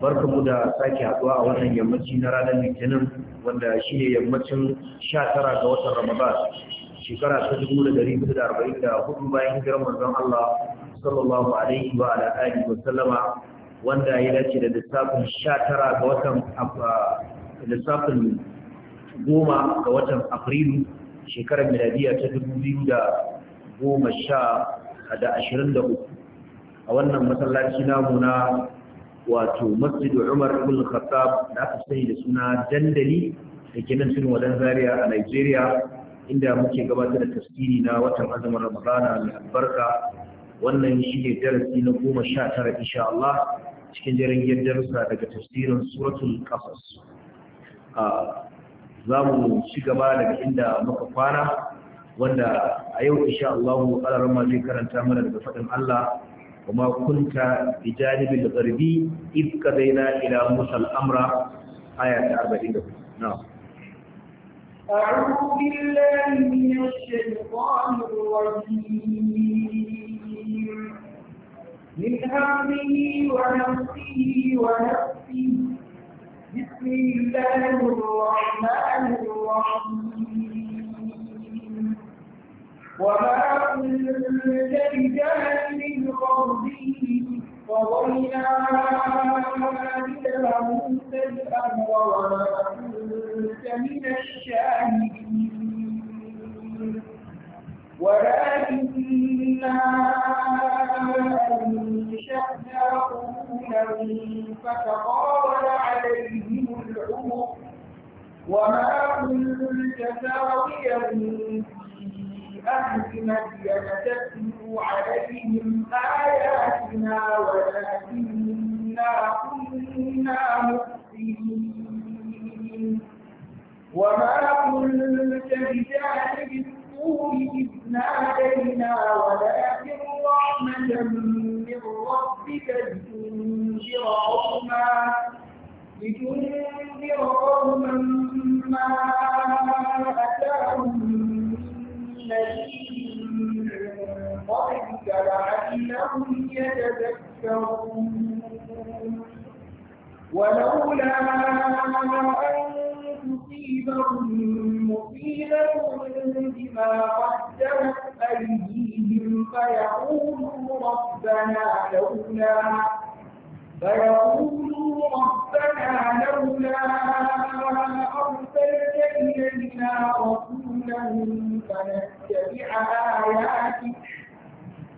barkamu da sake haɗuwa a wannan yammaci na ranar litinin wanda shi ne yammacin 19 ga watan ramadan shekara ta 1444 bayan hijirar manzon Allah sallallahu alaihi wa ala alihi wa sallama wanda ya dace da lissafin 19 ga watan lissafin goma ga watan afrilu shekarar miladiya ta 2010 da 23 a wannan masallaci namu na wato Masjid umar ibn khattab da aka sani da suna dandali da ke nan cikin wadan zaria a nigeria inda muke gabatar da tafsiri na watan azumin ramadana mai albarka wannan shi ne darasi na goma sha tara insha Allah cikin jirgin darussa daga tafsirin suratul qasas za mu ci gaba daga inda muka kwana wanda a yau insha Allah zai karanta mana daga faɗin Allah وما كنت بجانب الغربي إذ قضينا إلى موسى الأمر آية 40 نعم أعوذ بالله من الشيطان الرجيم من همه ونفسه ونفسه بسم الله الرحمن الرحيم وما كنت بجانب قبله قضينا إلى موسى الأمر وما كنت من الشاهدين ولكننا أنشأنا قرونا فتطاول عليهم العمر وما كنت ساويا في أهل مدين تتلو عليهم آياتنا ولكننا كنا مؤمنين وما كنت بجانب الطور إذ نادينا ولكن رحمة من ربك لتنذر قوما لتنذر قوما ما أتاهم من نذير قبلك لعلهم يتذكرون ولولا أن تصيبهم مصيبة بما قدمت أيديهم فيقولوا ربنا لولا فيقولوا ربنا لولا أرسلت إلينا رسولا فنتبع آياتك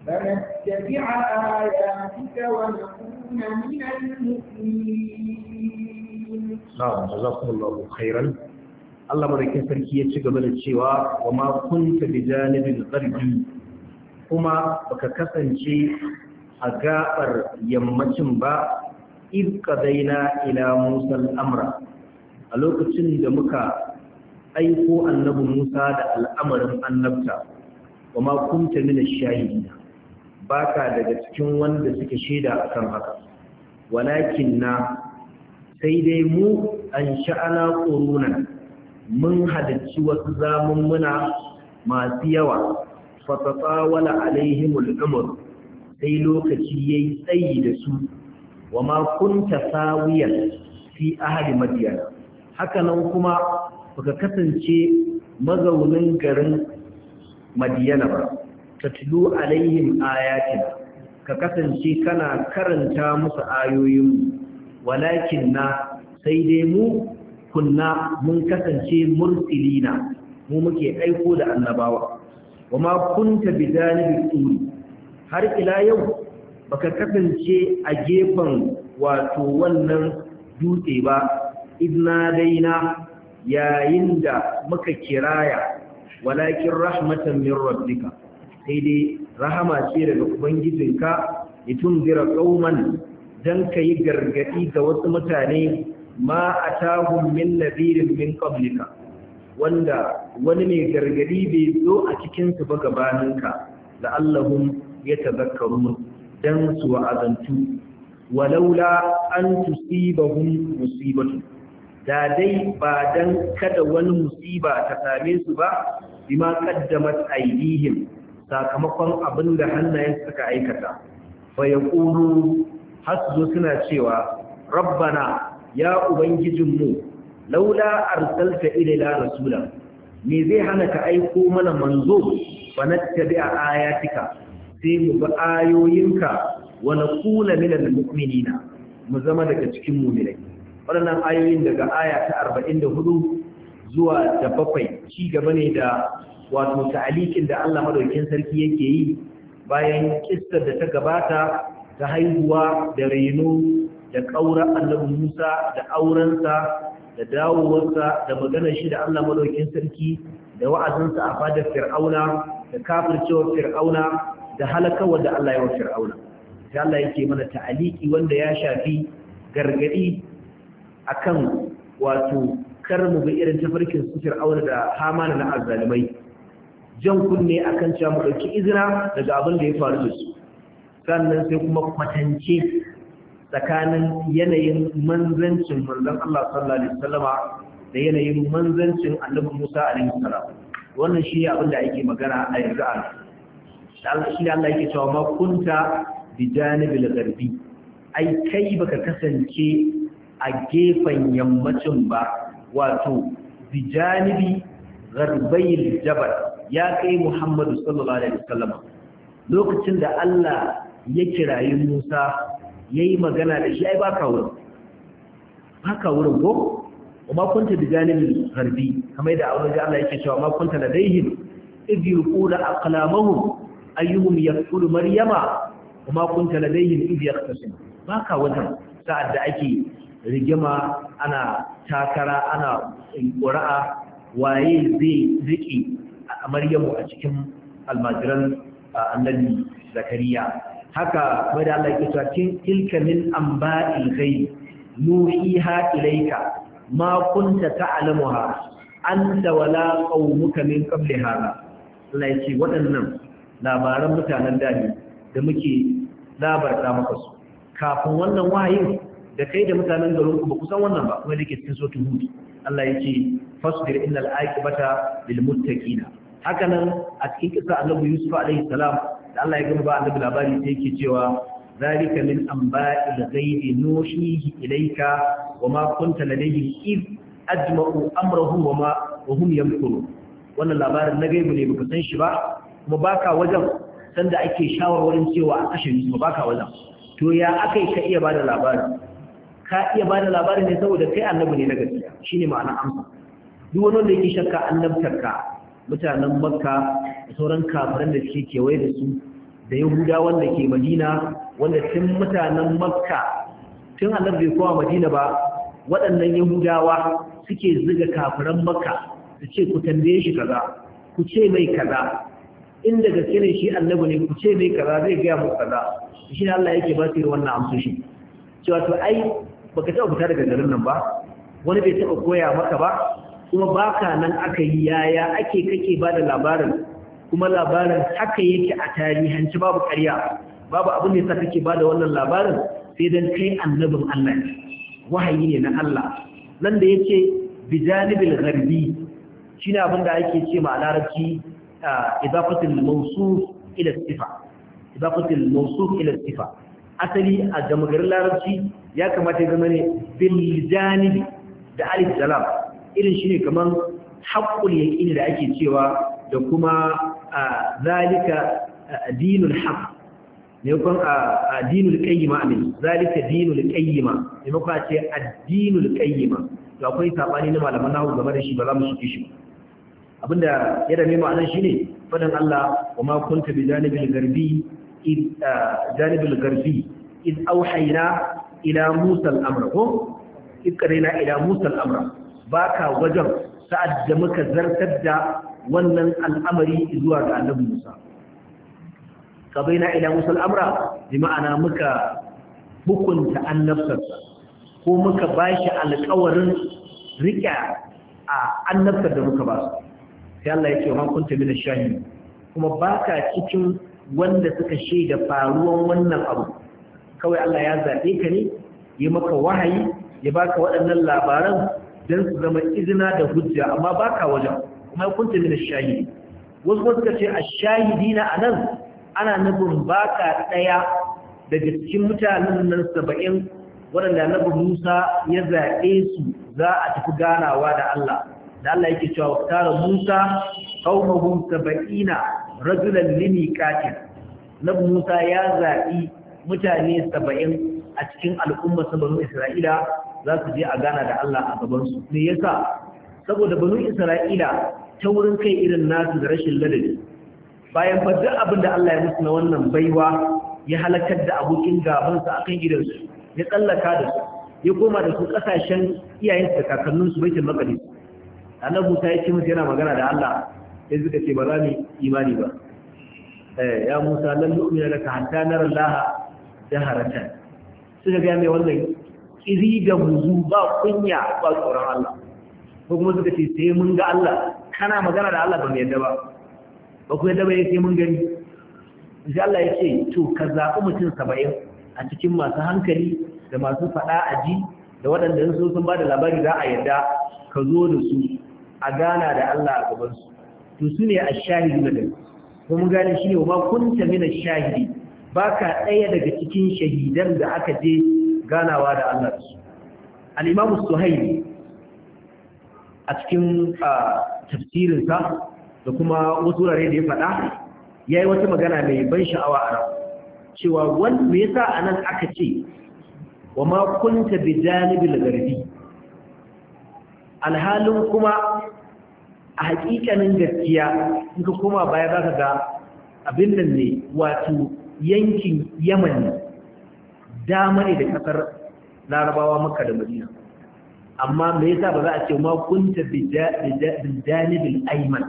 فنتبع آياتك ونكون من المؤمنين نعم جزاكم الله خيرا Allah madaukin sarki ya ci gaba da cewa wa ma kunta bi janibin gharbi kuma baka kasance a gaɓar yammacin ba id qadaina ila Musa al-amra a lokacin da muka aiko annabi Musa da al'amarin annabta wa ma kunta min ash-shahidin baka daga cikin wanda suke shaida akan haka walakin na sai dai mu an sha'ana ƙurunan mun halarci wasu zaman muna masu yawa fatatsawala alaihimul umur sai lokaci yayi tsayi da su wa ma kunta sawiyan fi ahli madyan haka nan kuma baka kasance mazaunin garin madiyana ba tatlu alaihim ayatin ka kasance kana karanta musu ayoyin walakin na sai dai mu kunna mun kasance mursilina mu muke aiko da annabawa wama kunta bidanibi turi har ila yau baka kasance a gefen wato wannan dutse ba idna daina yayin da muka kiraya walakin rahmatan min rabbika sai dai rahama ce daga ubangijinka itun zira kauman dan ka yi gargaɗi ga wasu mutane ma a tahun min nazirin min ƙablika wanda wani mai gargaɗi bai zo a cikinsu ba gabaninka la'allahun ya tazakkaru don su wa'azantu walaula an tusibahum musibatu da dai ba dan kada wani musiba ta same su ba bima qaddamat aydihim sakamakon abin da hannayen suka aikata fa ya ƙuru hasu suna cewa rabbana ya ubangijin mu?' laula arsalta ilaila rasula me zai hana ka aiko mana manzo fa a ayatika sai mu bi ayoyinka wa na kula nakuna minal mu'minina mu zama daga cikin mu'minai waɗannan ayoyin daga aya ta 44 zuwa da bakwai ci gaba ne da wato ta'alikin da Allah madaukakin sarki yake yi bayan kissar da ta gabata ta haihuwa da reno da ƙaura annabi Musa da aurensa da dawowarsa da maganar shi da Allah madaukakin sarki da wa'azinsa a fadar fir'auna da kafircewar fir'auna da halakawar da Allah ya wa fir'auna sai Allah yake mana ta'aliki wanda ya shafi gargadi akan wato kar mu bi irin tafarkin su fir'auna da hamana na azzalimai jan kunne akan cewa mu ɗauki izina daga abin da ya faru da su sannan sai kuma kwatance tsakanin yanayin manzancin manzan Allah sallallahu alaihi wasallama da yanayin manzancin annabi Musa alaihi salam wannan shi abin da ake magana a yanzu a shi da Allah yake cewa ma kunta bi janibil gharbi ai kai baka kasance a gefen yammacin ba wato bi janibi gharbayil jabal ya kai Muhammadu sallallahu alaihi wasallam lokacin da Allah ya kirayi Musa yayi magana da shi ai baka wurin baka wurin ko kuma kunta da janibin harbi kamar da Allah ya Allah yake cewa ma kunta ladaihim idh yuqulu aqlamuhum ayyuhum yaqulu maryama kuma kunta ladaihim idh yaqtasim baka wurin sa'ad da ake rigima ana takara ana ƙura'a waye zai riƙe maryamu a cikin almajiran annabi zakariya haka da Allah ke kin tilka min amba'il ghaib nuhiha ilayka ma kunta ta'lamuha anta wala qaumuka min qabli hada Allah ce waɗannan labaran mutanen da ne da muke labarta maka su kafin wannan wahayin da kai da mutanen garin ku ba ku san wannan ba kuma dake cikin sotu hudu. Allah yace fasbir innal aqibata lil muttaqina Hakanan, a cikin kisa annabi yusuf alaihi salam da Allah ya gama ba annabi labari sai yake cewa zalika min anba'il ghaibi nushihi ilayka ma kunta ladayhi id ajma'u amrahum wa hum yamkuru wannan labarin na gaibu ne baka san shi ba kuma baka wajen sanda ake shawarwarin cewa a kashe Yusuf baka wajen to ya akai ka iya bada labarin ka iya bada labarin ne saboda kai annabi ne na gaskiya shine ma'ana amsa duk wanda yake shakka ka. mutanen makka da sauran kafiran da suke kewaye da su da yahuda wanda ke madina wanda tun mutanen makka tun allah bai kowa madina ba waɗannan yahudawa suke ziga kafiran makka su ce ku tambaye shi kaza ku ce mai kaza in da gaske ne shi annabi ne ku ce mai kaza zai gaya mu kaza shi ne Allah yake ba su wannan amsoshi cewa to ai baka taɓa fita daga garin nan ba wani bai taɓa koya maka ba kuma baka nan aka yi yaya ake kake ba da labarin kuma labarin haka yake a tarihanci babu ƙarya babu abin da yasa kake ba da wannan labarin sai dan kai annabin Allah wahayi ne na Allah nan da yace bijanibil gharbi shine abin da ake ce ma larabci idafatul mawsuf ila sifa idafatul mawsuf ila sifa asali a jama'ar larabci ya kamata ya zama ne biljanibi da alif salam irin shi ne kamar haƙƙul yaƙini da ake cewa da kuma zalika dinul haq maimakon dinul qayyima amin zalika dinul qayyima maimakon a ce addinul qayyima to akwai sabani na malaman nahu game da shi ba za mu shige shi abinda ya dame mu anan shine fadan Allah wa ma kunta bi janibil garbi id janibil garbi id auhayna ila musa al-amra ko id ila musa al-amra baka wajen sa'ad da muka zartar da wannan al'amari zuwa ga annabi Musa kabaina ila Musa al'amura, bi ma'ana muka hukunta annabtarsa ko muka bashi alƙawarin riƙe a annabtar da muka ba su sai Allah ya ce wa kunta min ash-shahid kuma baka cikin wanda suka shaida faruwan wannan abu kawai Allah ya zaɓe ka ne ya maka wahayi ya baka waɗannan labaran don su zama izina da hujja amma ba ka wajen kuma ya kunta mina wasu kuma ce a shahidi na a nan ana nufin ba ka ɗaya Da cikin mutanen nan saba'in waɗanda annabi musa ya zaɓe su za a tafi ganawa da allah da allah yake cewa tara musa qaumahum saba'ina rajulan katin. annabi musa ya zaɓi mutane saba'in a cikin al'ummar sabarin isra'ila za su je a gana da Allah a gabansu me yasa saboda banu isra'ila ta wurin kai irin nasu da rashin ladabi bayan ba abin da Allah ya musu na wannan baiwa ya halakar da abokin gabansa akan gidansu ya tsallaka da su ya koma da su kasashen su da kakanninsu baitul maqdis annabi Musa ya ce musu yana magana da Allah sai suka ce ba za mu imani ba eh ya Musa lan nu'mina laka hatta nara Allah jaharatan suka ga mai wannan iri da muzu ba kunya ba tsoron Allah ko kuma suka ce sai mun ga Allah kana magana da Allah ba mu yadda ba ba ku yadda ba sai mun gani insha Allah ya ce to ka zaɓi mutum saba'in a cikin masu hankali da masu faɗa aji da waɗanda sun sun ba da labari za a yadda ka zo da su a gana da Allah a gaban su, to su ne a shahidi da gani mun gane shi ne wa ma kunta mina shahidi ba ka ɗaya daga cikin shahidan da aka je ganawa da Allah da su Al’imamu a cikin tafsirinsa da kuma wasu wurare da ya faɗa ya yi wata magana mai ban sha'awa a ran cewa wanda ya sa a nan aka ce wa makunta bi janibin garbi alhalin kuma a hakikanin gaskiya in ka koma baya za ka ga abin nan ne wato yankin yaman dama ne da kasar larabawa maka da madina amma me yasa ba za a ce ma kunta bi janibin ayman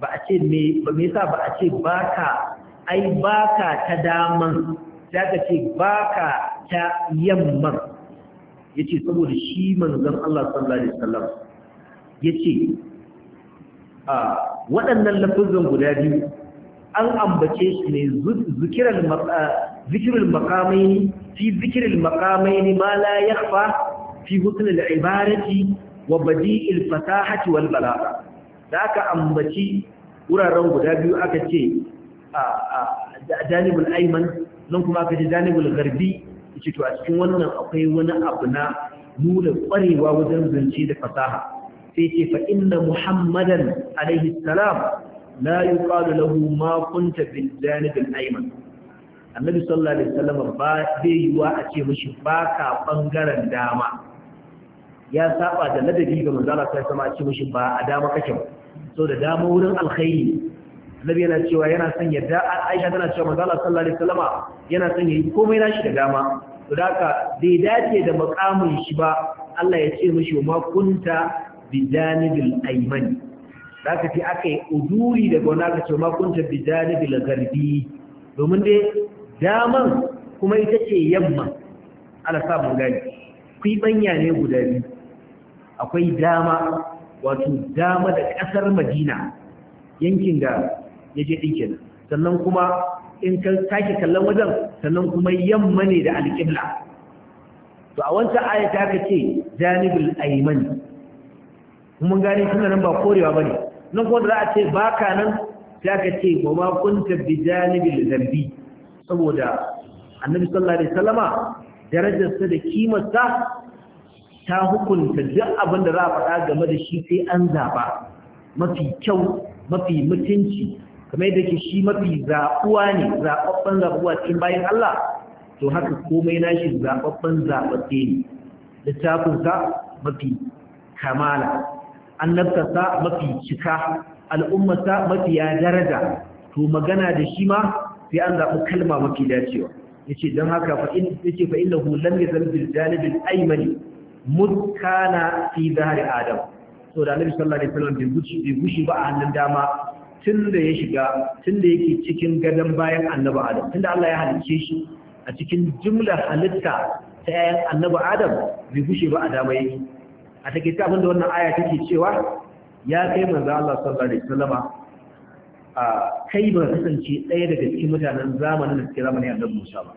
ba a ce me yasa ba a ce baka ai baka ta daman daga ce baka ta yamman yace saboda shi manzon Allah sallallahu alaihi wasallam yace a waɗannan lafazan guda biyu an ambace shi ne zukiran zikrul maqamaini fi zikril ma layafa yakhfa fi husn al ibarati wa badi'il fasahati wal balagha zaka ambaci wuraren guda biyu aka ce a janibul aiman nan kuma aka ce janibul gharbi yace to a cikin wannan akwai wani abu na nuna kwarewa wajen zance da fasaha sai ce fa inna muhammadan alaihi salam la yuqalu lahu ma kunta bil janib al ayman annabi sallallahu alaihi wasallam ba bai yiwa a ce mishi baka bangaren dama ya saba da ladabi ga manzo Allah sai sama a ce mishi ba a dama kake ba so da dama wurin alkhairi annabi yana cewa yana son yadda Aisha tana cewa manzo Allah sallallahu alaihi wasallam yana son yayi komai nashi da dama to haka bai dace da makamin shi ba Allah ya ce mishi ma kunta bijanibil aymani haka sai aka yi uduri daga wannan aka ce ma kunta janibil garbi domin dai daman kuma ita ce yamma ala samun gani banya ne guda biyu akwai dama wato dama da ƙasar madina yankin da ya je sannan kuma in ka sake kallon wajen sannan kuma yamma ne da alƙibla to a wancan ayata ka ce janibul ayman mun gane suna nan ba korewa ba ne nan kuma da za a ce baka nan ta ka ce ba ma kunta bi janibul zambi saboda annabi sallallahu alaihi wasallama darajarsa da kimarsa ta hukunta duk abin da za a faɗa game da shi sai an zaba mafi kyau mafi mutunci kamar yadda ke shi mafi zaɓuwa ne zaɓaɓɓen zaɓuwa cikin bayan Allah to haka komai na shi zaɓaɓɓen zaɓaɓɓe ne littafinsa mafi kamala annabtarsa mafi cika al'ummarsa mafi ya daraja to magana da shi ma sai an zaɓi kalma mafi dacewa Ya ce don haka ya ce yace fa innahu lam yazal bil janib al aymani mutkana fi dhahri adam so da annabi sallallahu alaihi wasallam bai gushi ba a hannun dama tunda ya shiga tunda yake cikin gadon bayan annabi adam tunda Allah ya halicce shi a cikin jumlar halitta ta 'ya'yan annabi adam bai gushe ba a dama yake a take ta abinda wannan aya take cewa ya kai manzo Allah sallallahu alaihi wasallama a kai ba kasance ɗaya daga cikin mutanen zamanin da suke zamanin annabi Musa ba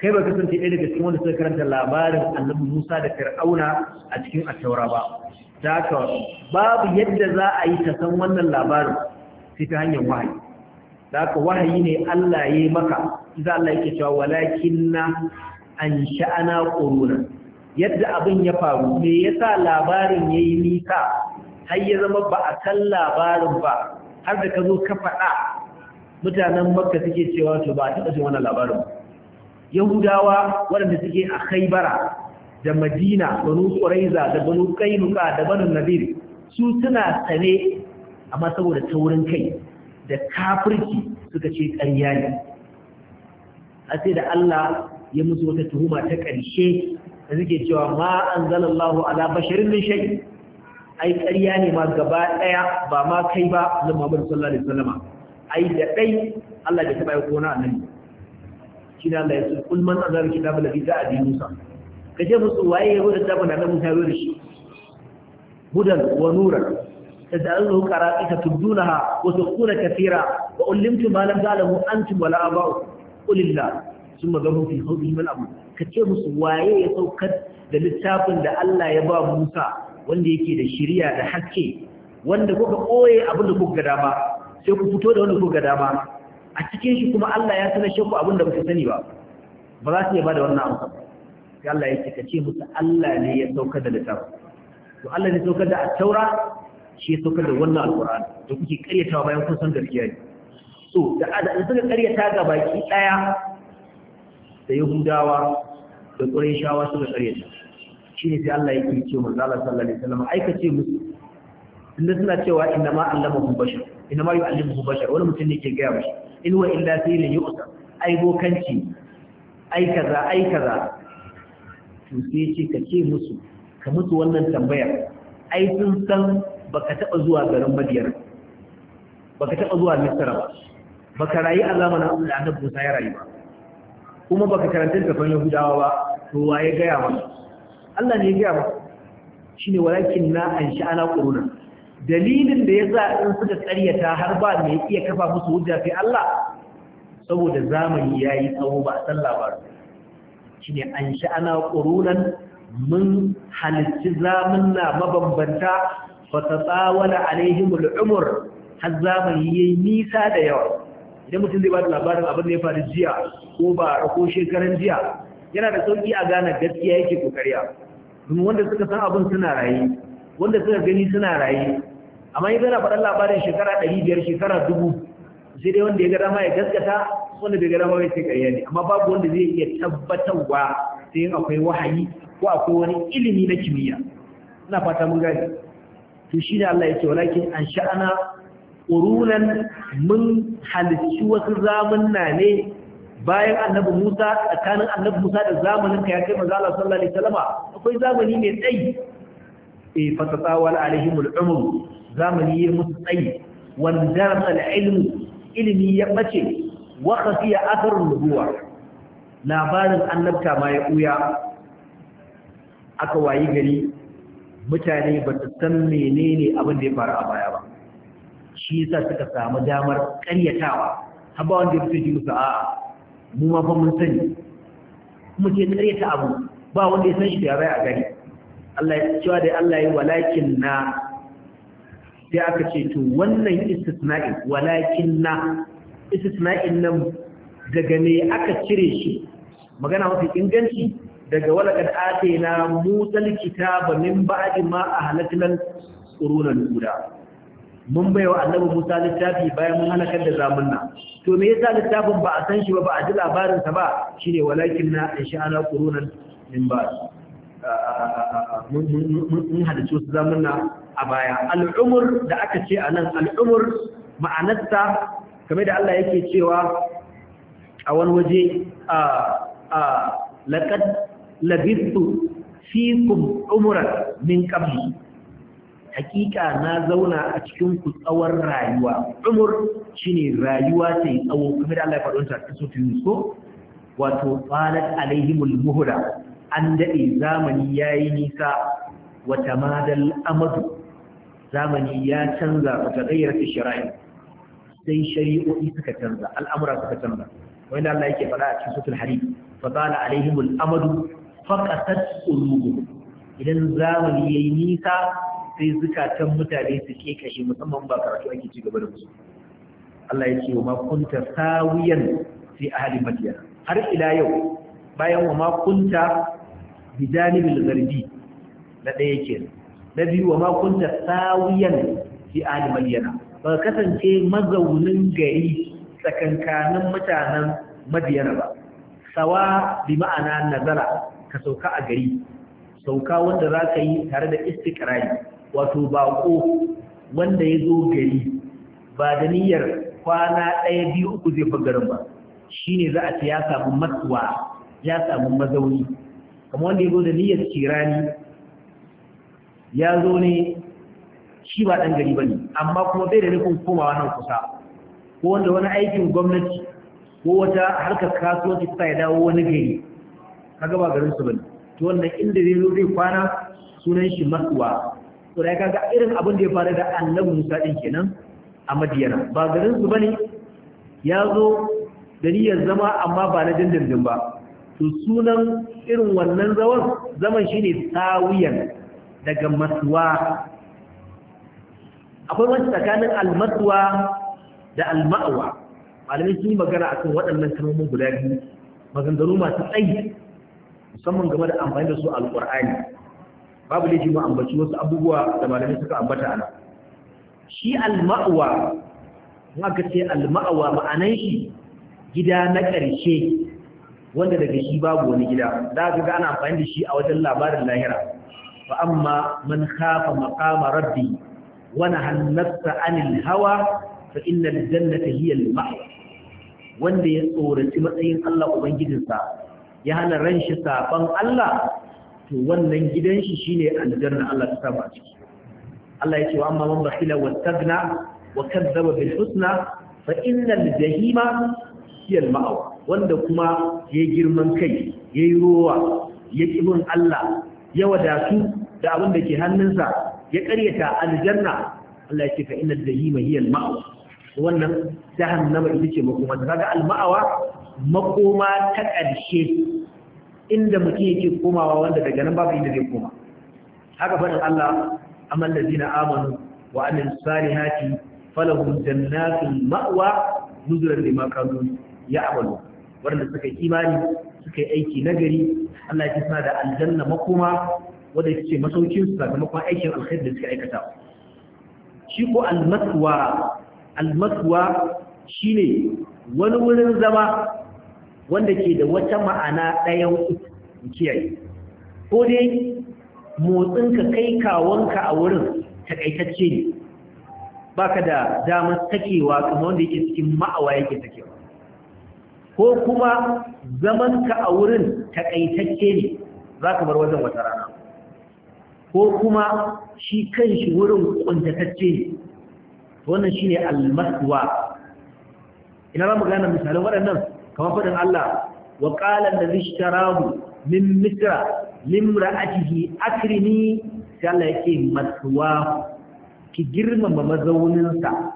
kai ba kasance ɗaya daga cikin wanda suka karanta labarin annabi Musa da Fir'auna a cikin Attaura ba ta haka babu yadda za a yi ta san wannan labarin sai ta hanyar wahayi da haka wahayi ne Allah ya yi maka idan Allah yake cewa walakinna an sha'ana quruna yadda abin ya faru me yasa labarin yayi nisa har ya zama ba a kan labarin ba har da ka zo ka faɗa mutanen makka suke cewa to ba a taɓa jin wannan labarin yahudawa waɗanda suke a khaibara da madina banu ƙuraiza da banu kainuka da banu nadir su suna sane amma saboda taurin kai da kafirci suka ce ƙarya ne a sai da allah ya musu wata tuhuma ta ƙarshe da suke cewa ma an ala basharin min shai ai ƙarya ne ma gaba ɗaya ba ma kai ba na Muhammadu sallallahu alaihi wasallam ai da ɗai Allah bai taba yi kona nan. shi ne Allah ya ce kul man azar kitab da za a bi Musa ka ce musu waye ya wuce da bana Musa ya wuce shi hudan wa nuran tad'aluhu qara'ika tubdunaha wa tuquna kafira. wa ulimtu ma lam ta'lamu antum wala aba'u qulillah sun magamu fi hauɗi min abu ka ce musu waye ya saukar da littafin da Allah ya ba Musa wanda yake da shirya da haske wanda kuka koye abin da kuka dama sai ku fito da wanda kuka dama a cikin shi kuma Allah ya sanar shi ku abin da ku sani ba ba za su iya da wannan amsa sai Allah ya kace ce musu Allah ne ya saukar da littafin to Allah ne saukar da at-taura shi ya saukar da wannan alqur'ani da kuke karyatawa bayan kun san gaskiya ne so da da suka karyata ga baki daya da yahudawa da ƙurayshawa suka karyata shine sai Allah yake ce manzo Allah sallallahu alaihi wasallam aikace musu inda suna cewa inna ma allamahu bashar inna ma yu'allimuhu bashar wani mutum ne ke gaya mashi in wa illa sayyidun yu'ta ai bokanci ai kaza ai kaza to sai ce ka ce musu ka mutu wannan tambayar ai sun san baka taba zuwa garin Madiyar baka taba zuwa Misra ba baka rayu a zamanin da Annabi Musa ya rayu ba kuma baka karanta tafan Yahudawa ba to waye gaya maka Allah ne ya gaya ba shine walakin na an sha'ana quruna dalilin da yasa in suka karyata har ba mai iya kafa musu hujja Allah saboda zamani yayi tsawo ba san labarin shine an sha'ana ƙurunan mun halicci na mabambanta fatatawala alaihimul umur har zamani yi nisa da yawa idan mutum zai ba da labarin abin da ya faru jiya ko ba ko shekaran jiya yana da sauƙi a gane gaskiya yake ƙoƙariya. domin wanda suka san abin suna raye wanda suka gani suna raye amma yi gana faɗin labarin shekara ɗari biyar shekara dubu sai dai wanda ya gada ma ya gaskata wanda bai gada ma ya sai ƙarya ne amma babu wanda zai iya tabbatarwa sai akwai wahayi ko akwai wani ilimi na kimiyya ina fata mun gani to shi ne Allah ya ce walakin an sha'ana ƙurunan mun halicci wasu zamunna ne bayan annabi Musa tsakanin annabi Musa da zamanin ka ya kai manzo Allah sallallahu alaihi wasallam akwai zamani mai tsayi eh fatatawal alaihimul umr zamani ya musu tsayi wanda al-ilmu ilimi ya bace wa khafiya atharun nubuwa labarin annabta ma ya uya aka wayi gari mutane ba su san menene abin da ya faru a baya ba shi yasa suka samu damar ƙaryatawa Haba wanda ya fito ji musu a'a mu ma fa mun sani kuma ke ta abu ba wanda ya san shi da bai a gari Allah ya cewa da Allah ya walakin na sai aka ce to wannan istisna'i walakin na istisna'in nan daga ne aka cire shi magana mafi inganci daga walakar ate na mutsal kitaba min ba'di ma a qurunan guda mun baiwa wa annabi Musa littafi bayan mun halakar da zamunna to me yasa littafin ba a san shi ba ba a ji labarin sa ba shine walakin na insha'ana qurunan min ba mun halice su zamunna a baya al'umur da aka ce anan al'umur ma'anarsa kamar da Allah yake cewa a wani waje a a laqad labithu fikum umuran min qabli hakika na zauna a cikin ku tsawon rayuwa umur shine rayuwa ta yi tsawo kuma da Allah ya faɗon ta cikin sotun yusko wato tsalat alaihimul muhda an daɗe zamani yayi nisa wa tamadal amadu zamani ya canza ta wa tagayyar shari'a sai shari'o'i suka canza al'amura suka canza wanda Allah yake faɗa a cikin sotun hari fa tsala alaihimul amadu faqasat qulubuhum idan zamani yayi nisa sai zukatan mutane su ke kashe musamman ba karatu ake ci gaba da musu Allah ya ce wa ma kunta sawiyan fi ahli madyan har ila yau bayan wa ma kunta janibil gharbi na ɗaya ke na biyu wa ma kunta sawiyan fi ahli madyan ba kasance mazaunin gari tsakankanin mutanen madyan ba sawa bi ma'ana nazara ka sauka a gari sauka wanda za ka yi tare da istikrari wato baƙo wanda ya zo gari ba da niyyar kwana ɗaya biyu uku zai fi garin ba shi ne za a ce ya samu matsuwa ya samu mazauni kamar wanda ya zo da niyyar kirani ya zo ne shi ba ɗan gari ba ne amma kuma bai da nufin komawa nan kusa ko wanda wani aikin gwamnati ko wata harkar kasuwanci ta ya dawo wani gari kaga ba garin su ne. to wannan inda zai zo zai kwana sunan shi matsuwa to kaga irin abin da ya faru da annabi Musa din kenan a Madiyana ba garin su bane ya zo da niyyar zama amma ba na dindindin ba to sunan irin wannan zaman zaman shine tawiyan daga maswa akwai wani tsakanin almaswa da alma'awa malamai sun yi magana akan waɗannan kalmomin guda biyu maganganu masu tsayi musamman game da amfani da su alƙur'ani babu laifi mu ambaci wasu abubuwa da malamai suka ambata ana shi alma'uwa. mawa ce alma'uwa ma'anan shi gida na ƙarshe wanda daga shi babu wani gida za ka ga ana amfani da shi a wajen labarin lahira fa amma man khafa maqama rabbi wa nahannasa anil hawa fa innal jannata hiya al wanda ya tsoraci matsayin Allah ubangijinsa ya hana ran shi saban Allah to wannan gidan shi shine aljanna Allah ta saba ciki Allah ya ce wa amma man bakhila wattagna wa kadzaba bil husna fa innal jahima hiya al ma'wa wanda kuma ya girman kai yayi rowa ya kibin Allah ya wadatu da abin da ke hannunsa ya karyata aljanna Allah ya ce fa innal jahima hiya al ma'wa wannan jahannama ita ce makoma kaga al ma'wa makoma ta ƙarshe inda mutum yake komawa wanda daga nan babu inda zai koma haka faɗin Allah amal ladina amanu wa haki salihati falahum jannatul ma'wa da lima ya ya'malu waɗanda suka yi imani suka yi aiki nagari Allah ya tsara da aljanna makoma ya yake masaukin su sakamakon aikin alkhair da suka aikata shi ko shine wani wurin zama wanda ke da wata ma'ana ɗayan uku kiyaye ko dai motsinka kai kawonka a wurin takaitacce ne ka da damar sakewa kamar wanda yake cikin ma'awa yake sakewa ko kuma zamanka a wurin takaitacce ne za ka bar wajen wata rana ko kuma shi kan shi wurin kuntatacce ne wannan ne almaswa ina za mu gane misalin waɗannan kamar faɗin Allah wa ƙalan da zishtarahu min misra limra'atihi akrimi sai Allah yake matuwa ki girmama mazauninsa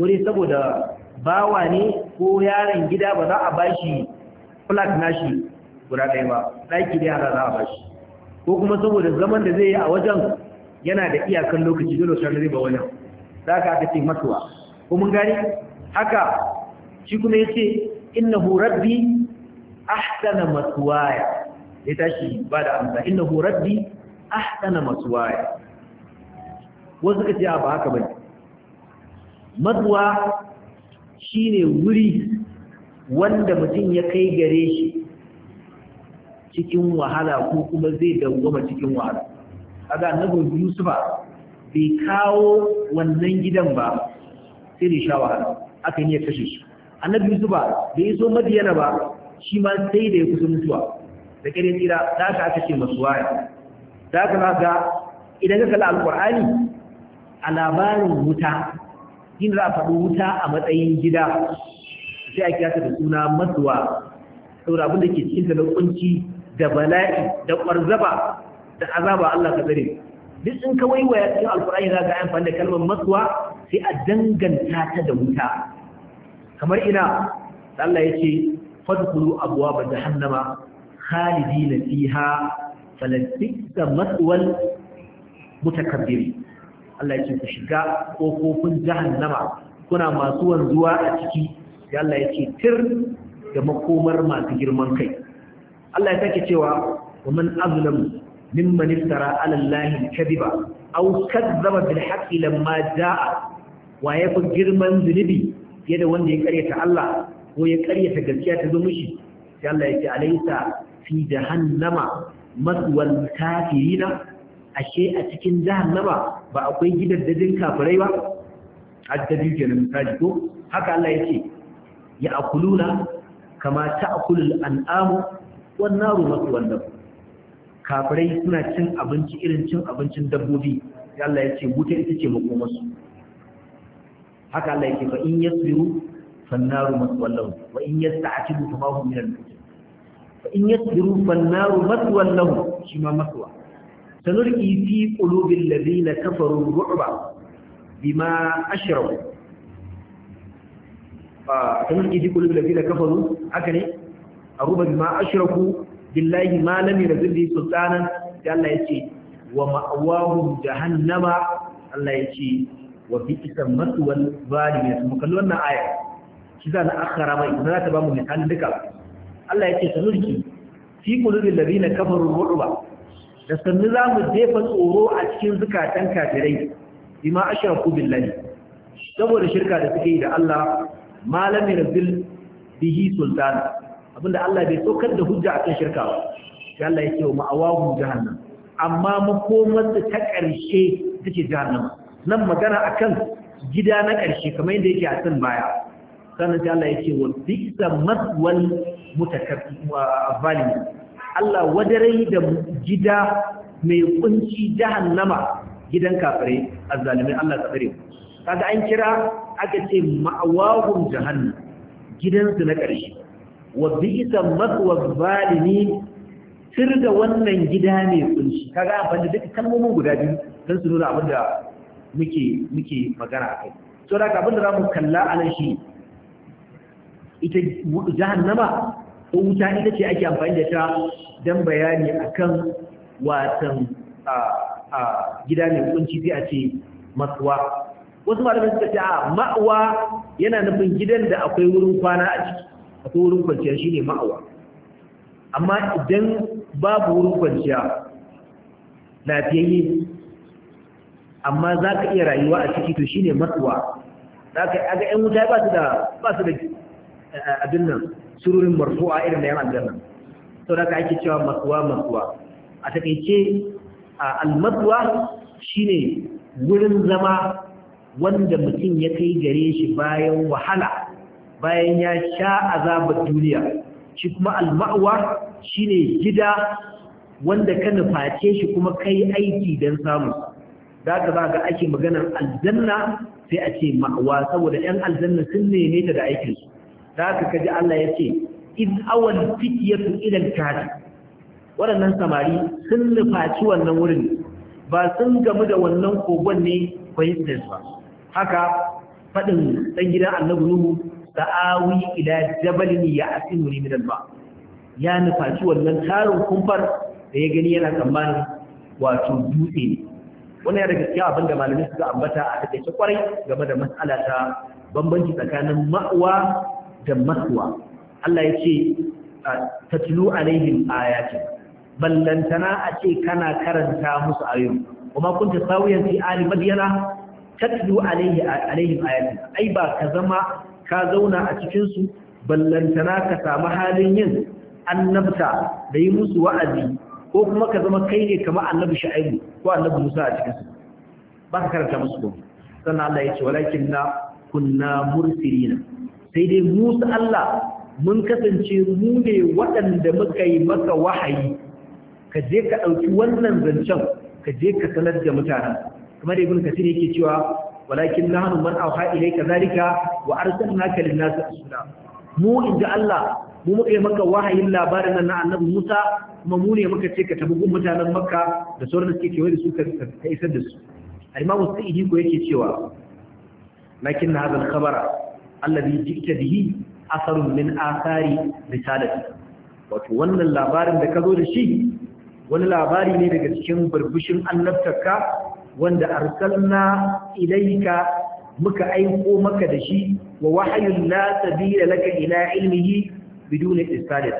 wani saboda bawa ne ko yaron gida ba za a bashi flat nashi guda ɗaya ba ɗaki da yara za a bashi ko kuma saboda zaman da zai yi a wajen yana da iyakan lokaci dole sai zai ba wajen za ka ce matuwa ko mun haka shi kuma ce. innahu rabbi ahsana maswaya ya tashi ba da amsa innahu rabbi ahsana maswaya wasu ka ba haka bane matsuwa shine wuri wanda mutum ya kai gare shi cikin wahala ko kuma zai dauwama cikin wahala kaga annabi Yusufa bai kawo wannan gidan ba sai da sha wahala aka yi kashe shi annabi zuba ba da ya so madiyana ba shi ma sai da ya kusa mutuwa da kare tsira da aka aka ce masu waya da aka na ga idan ka kalla alkur'ani a labarin wuta yin za a faɗi wuta a matsayin gida sai a kiyasa da suna masuwa saboda abin da ke cikin talakunci da bala'i da ƙwarzaba da azaba Allah ka tsare duk in ka waiwaya cikin alkur'ani za ka amfani da kalmar masuwa sai a danganta ta da wuta kamar ina Allah ya ce fadkulu abuwa ba jahannama khalidina fiha falastika matwal mutakabbiri Allah ya ce ku shiga kofofin jahannama kuna masu wanzuwa a ciki da Allah ya ce tir da makomar masu girman kai Allah ya sake cewa wa man azlamu Alallahi iftara ala Allahi kadiba aw kadzaba bil haqqi lamma jaa wa yafi girman zunubi fiye da wanda ya karyata Allah ko ya karyata gaskiya ta zo mushi sai Allah ya ce alaysa fi jahannama maswal kafirina ashe a cikin jahannama ba akwai gidaddadin kafirai ba addabi nan misali ko haka Allah ya ce ya akuluna kama ta'kulul an'amu wan naru maswal kafirai suna cin abinci irin cin abincin dabbobi sai Allah ya ce wuta ita ce makomarsu haka Allah yake fa in yasbiru fannaru maswallahu wa in yasta'tibu famahu min al-mutin fa in yasbiru fannaru maswallahu shi ma maswa sanurki fi qulubil ladina kafaru ru'ba bima ashraku fa sanurki fi qulubil ladina kafaru haka ne aruba bima ashraku billahi ma lam yunzil bi sultanan sai Allah yace wa ma'awahum jahannama Allah yace wa bi isan matsuwal zalimi su kalli wannan aya shi za na akara mai za ta ba mu misalin duka Allah ya ce sanurki fi qulubil ladina kafaru ru'ba da sannu za mu jefa tsoro a cikin zukatan kafirai bima ku billahi saboda shirka da suke yi da Allah malami rabbil bihi sultana abinda Allah bai saukar da hujja akan shirka ba sai Allah ya ce wa ma'awahu jahannam amma makomar ta ƙarshe take jahannama nan magana akan gida na ƙarshe kamar yadda yake a can baya sannan sai Allah ya ce wa bisa matwal mutakabbalin Allah wadarai da gida mai kunci jahannama gidan a azzalimai Allah ta tsare kaga an kira aka ce ma'awahum jahannam gidansu na ƙarshe wa bisa matwal zalimi sir wannan gida mai kunci kaga da duk kalmomin guda biyu don su nuna abin da muke muke magana akai so da abin da zamu kalla a nan shi ita jahannama ko wuta ita ce ake amfani da ta dan bayani akan watan a gida mai kunci sai a ce matsuwa wasu malamai suka ce a ma'awa yana nufin gidan da akwai wurin kwana a ciki akwai wurin kwanciya shine ma'awa amma idan babu wurin kwanciya lafiyayye amma za ka iya rayuwa a ciki to shi ne matsuwa za ka aga ‘yan wuta ba su da ba su da eh, eh, abin nan sururin marfu'a irin da yan aljanna sau da ka ake cewa matsuwa matsuwa a takaice almatsuwa shi ne wurin zama wanda mutum ya kai gare shi bayan wahala bayan ya sha azabar duniya shi kuma alma'awa shi ne gida wanda ka nuface shi kuma kai aiki don samu. da ka ba ga ake maganar aljanna sai a ce ma'awa saboda 'yan aljanna sun neme ta da aikinsu da ka kaji Allah ya ce iz awal fitiyatu ilal kaji waɗannan samari sun nufaci wannan wurin ba sun gamu da wannan kogon ne coincidence ba haka faɗin ɗan gidan annabi nuhu sa'awi ila jabalin ya asinu ne minan ba ya nufaci wannan tarin kumfar da ya gani yana tsammanin wato dutse ne Wani ya daga cikin abin da malami suka ambata a takaice kwarai game da mas'ala ta bambanci tsakanin ma'wa da maswa Allah ya ce tatlu alaihim ayatin ballantana a ce kana karanta musu ayoyi kuma kun ta sawiyan fi ali madiyana tatlu alaihi alaihim ayatin ai ba ka zama ka zauna a cikin su ballantana ka samu halin yin annabta da yi musu wa'azi ko kuma ka zama kai ne kamar annabi shu'aibu ko annabi musa a cikin ba ka karanta musu ba sannan Allah ya ce walakin na kunna mursilina sai dai musa Allah mun kasance mu ne waɗanda muka yi maka wahayi ka je ka ɗauki wannan zancen ka je ka sanar da mutanen kamar ibn kasir yake cewa walakin nahnu man awha ilayka zalika wa arsalnaka lin-nasi rasula mu in ji Allah mu muka yi maka wahayin labarin nan na annabi Musa kuma mu ne muka ce ka tabi gun mutanen Makka da sauran da suke kewaye da su ka isar da su al-Imam Sa'idi ko yake cewa lakin hadha al-khabara alladhi ji'ta bihi asarun min athari risalati wato wannan labarin da ka zo da shi wani labari ne daga cikin burbushin annabtaka wanda arsalna ilaika muka aiko maka da shi wa wahayun la sabila laka ila ilmihi biduna istalid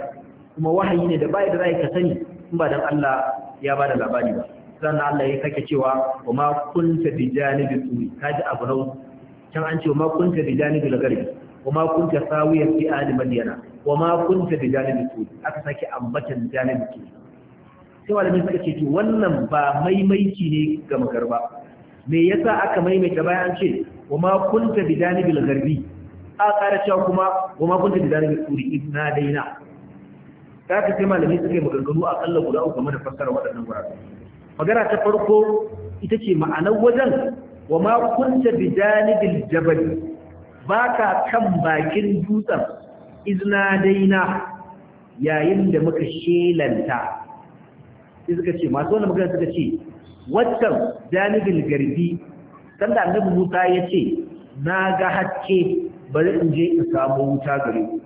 kuma wahayi ne da bai da zai ka sani in ba dan Allah ya bada labari ba sannan Allah ya sake cewa wa ma kunta bi janibi turi kaji abu nau can an ce wa ma kunta bi janibi lagarbi wa ma kunta sawiyan fi ahli madyana wa ma kunta bi janibi turi aka sake ambatan janibi turi sai malamin suka ce to wannan ba maimaici ne ga magarba me yasa aka maimaita bayan an ce Wama ma kunta bi janibil gharbi a ƙara cewa kuma wa ma kunta bi janibil suri inna daina ta ka sai malami suka yi maganganu a kalla guda uku game da fassara waɗannan wurare magana ta farko ita ce ma'anar wajen wa ma kunta bi janibil jabal ka kan bakin dutsen izna daina yayin da muka shelanta suka ce masu wani magana suka ce waccan janibin garbi sanda annabi Musa ya ce na ga haske bari in je in samu wuta gare ku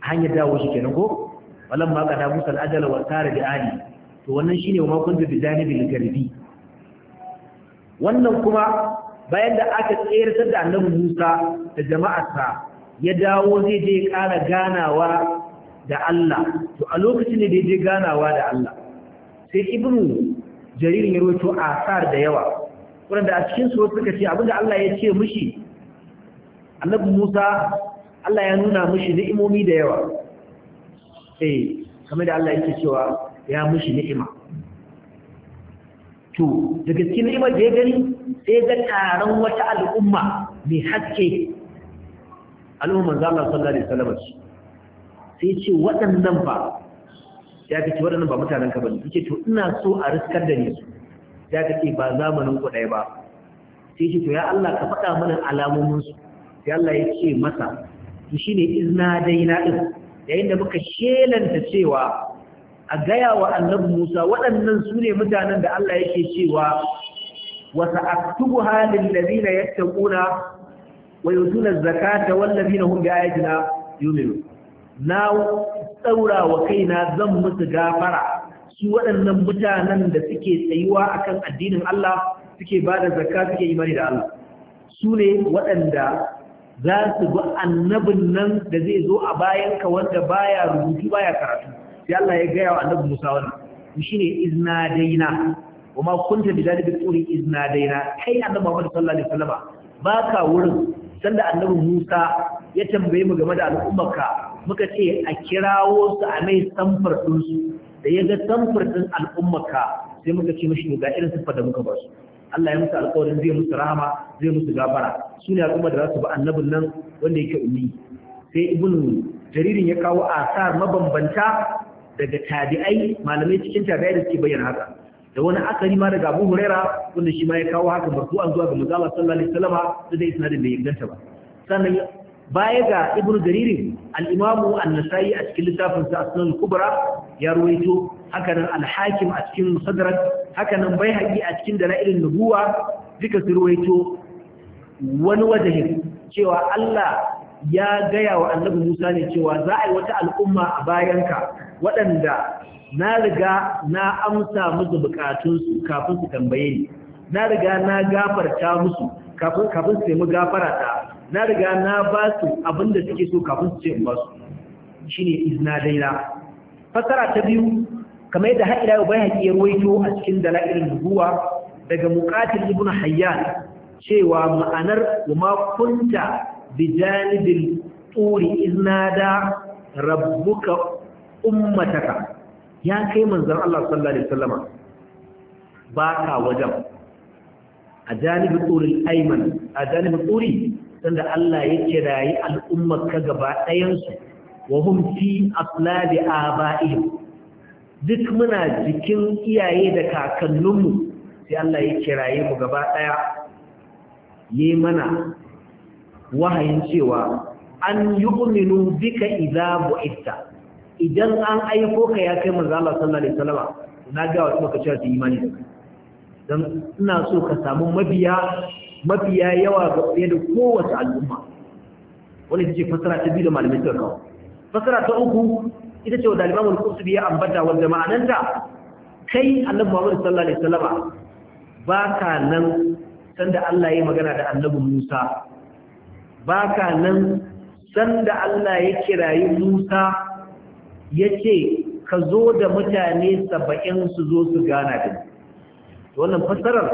hanya dawo shi kenan ko walan ma kada Musa al-ajala wa tara bi ali to wannan shine wa da bi bil garbi wannan kuma bayan da aka tsayar da annabi Musa da jama'arsa ya dawo zai je ƙara ganawa da Allah to a lokacin da ya je ganawa da Allah sai ibnu jaririn ya rawaito asar da yawa waɗanda a cikin su suka ce abinda Allah ya ce mushi annabi Musa Allah ya nuna mushi ni'imomi da yawa eh kamar da Allah yake cewa ya mushi ni'ima to daga cikin ni'imar da ya gani sai ga taron wata al'umma mai haske al'ummar Allah sallallahu alaihi wasallam sai ce waɗannan ba ya kace waɗannan ba mutanen ka bane yace to ina so a riskar da ni su za ka ce ba zamanin ku ɗaya ba sai shi to ya Allah ka faɗa mana alamomin su sai Allah ya ce masa to shine izna daina din yayin da muka shelanta cewa a gaya wa annabi Musa waɗannan su ne mutanen da Allah yake cewa wa sa'aktubuha lil ladina yattaquna wa yutuna zakata wal ladina hum bi ayatina yu'minun na tsaura wa kaina zan musu gafara su waɗannan mutanen da suke tsayuwa a kan addinin Allah suke ba da zarka suke imani da Allah su ne waɗanda za su bi annabin nan da zai zo a bayanka wanda baya rubutu baya karatu sai Allah ya gaya wa annabi Musa wannan shi ne iznadaina kuma kunta bi zalika tsuri iznadaina kai annabi Muhammad sallallahu alaihi wasallam baka wurin sanda annabi Musa ya tambaye mu game da al'ummarka muka ce a kirawo su a mai samfar ɗinsu da ya ga samfur ɗin al'ummaka sai muka ce mashi ga irin siffar da muka ba su Allah ya musu alƙawarin zai musu rahama zai musu gabara. su ne al'ummar da za su bi annabin nan wanda yake ummi sai ibn jaririn ya kawo asar mabambanta daga tabi'ai malamai cikin tabi'ai da suke bayyana haka da wani akari ma daga Abu Huraira wanda shi ma ya kawo haka marfu'an zuwa ga manzo Allah sallallahu alaihi wasallam da dai sanadin da ya inganta ba sannan baya ga ibnu jaririn al-imamu an-nasa'i a cikin littafin sa as-sunan kubra ya ruwaito hakanan alhakim a cikin sadarar? hakanan bai haƙi a cikin dala'ilin nubuwa duka su ruwaito wani wajahin cewa Allah ya gaya wa annabi Musa ne cewa za a yi wata al'umma a bayan ka, waɗanda na riga na amsa musu bukatunsu kafin su tambaye ni na riga na gafarta musu kafin su nemi gafara ta na riga na ba su abin da suke so kafin su ce in ba su shine iznadaina fasara ta biyu kamar yadda haƙila yau bai haƙi ya ruwaito a cikin dala'irin nubuwa daga muƙatil ibn hayyan cewa ma'anar kuma kunta bi janibin turi iznada rabbuka ummataka ya kai manzon Allah sallallahu alaihi wasallama ba ka wajen a janibin turin aiman a janibin turi sanda Allah ya kirayi al'ummar ka gaba ɗayansu wa hum fi aslabi aba'ihim duk muna jikin iyaye da kakanninmu sai Allah ya kiraye mu gaba daya yi mana wahayin cewa an yu'minu bika idza bu'itta idan an aiko ka ya kai manzo Allah sallallahu alaihi wasallam na ga wasu cewa imani da dan ina so ka samu mabiya mabiya yawa ga fiye kowace al'umma wannan ce fasara ta biyu da malamai suka fasara ta uku ita ce wa daliban al ya ambata wanda ma'ananta kai annabi Muhammad sallallahu alaihi wasallama ka nan sanda Allah ya magana da annabi Musa ba ka nan sanda Allah ya kirayi Musa ya ce ka zo da mutane saba'in su zo su gana da wannan fasarar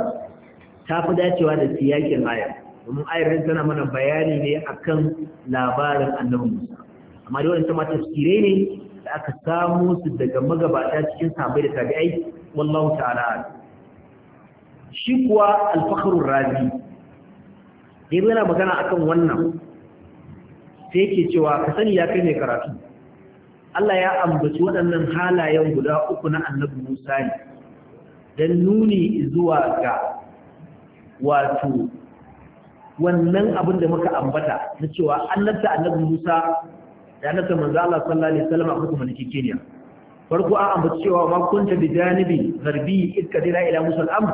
ta fi dacewa da siyakin ayar domin ayar tana mana bayani ne akan labarin annabi Musa amma dai waɗancan ma tafsirai ne da aka samu su daga magabata cikin sahabbai da tabi'ai wallahu ta'ala shi kuwa alfakarun razi dai yana magana akan wannan sai yake cewa ka sani ya kai mai karatu Allah ya ambaci waɗannan halayen guda uku na annabi Musa ne don nuni zuwa ga wato wannan abin da muka ambata na cewa annabta annabi Musa da nasa manzo Allah sallallahu alaihi wasallam a hukumar kikeniya farko an ambaci cewa ma kunta bi janibi zarbi ila musul am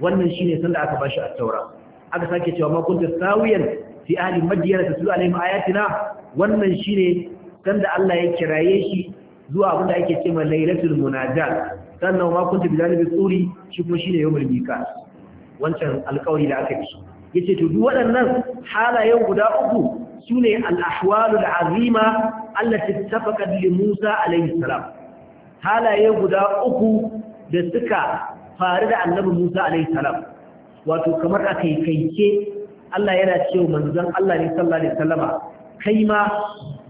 wannan shine sanda aka bashi a taura aka sake cewa ma kunta sawiyan fi ahli ta tatlu alaihim ayatina wannan shine sanda Allah ya kiraye shi zuwa abin da ake cewa lailatul munajat sannan ma kunta bi janibi tsuri shi kuma shine yawmul miqat wancan alƙawari da aka yi yace to duk waɗannan halayen guda uku sune al-ahwalu al-azima ta ittafaqat li Musa alayhi salam halaye guda uku da suka faru da annabi Musa alayhi salam wato kamar akai kaice Allah yana cewa manzon Allah ne sallallahu alaihi wasallama kai ma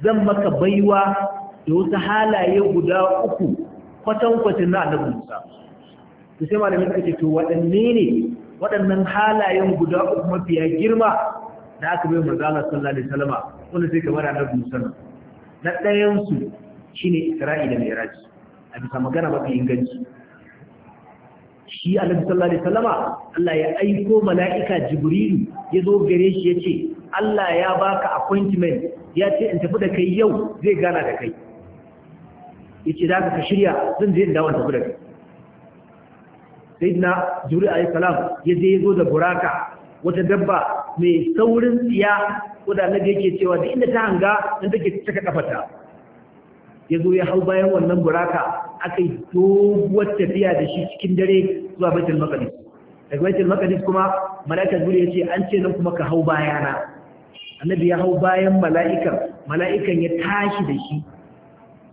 zan maka baiwa da wasu halaye guda uku kwatankwacin na annabi Musa to sai malamin suka ce to waɗanne ne waɗannan halayen guda uku mafiya girma da aka bai manzo Allah sallallahu alaihi wasallam wanda sai kamar annabi musallam na ɗayansu su shine Isra'i da Mi'raj a bisa magana mafi inganci shi annabi sallallahu alaihi wasallam Allah ya aiko mala'ika Jibrilu ya zo gare shi yace Allah ya baka appointment ya ce in tafi da kai yau zai gana da kai yace da ka shirya zan je in dawo tafi da kai sayyidina Jibril alaihi salam ya je ya zo da buraka wata dabba mai saurin tsiya wadda na yake cewa da inda ta hanga nan take taka kafata ya zo ya hau bayan wannan buraka aka yi doguwar tafiya da shi cikin dare zuwa baitul maqdis daga baitul maqdis kuma malaika zuri ya ce an ce nan kuma ka hau bayana annabi ya hau bayan mala'ika mala'ikan ya tashi da shi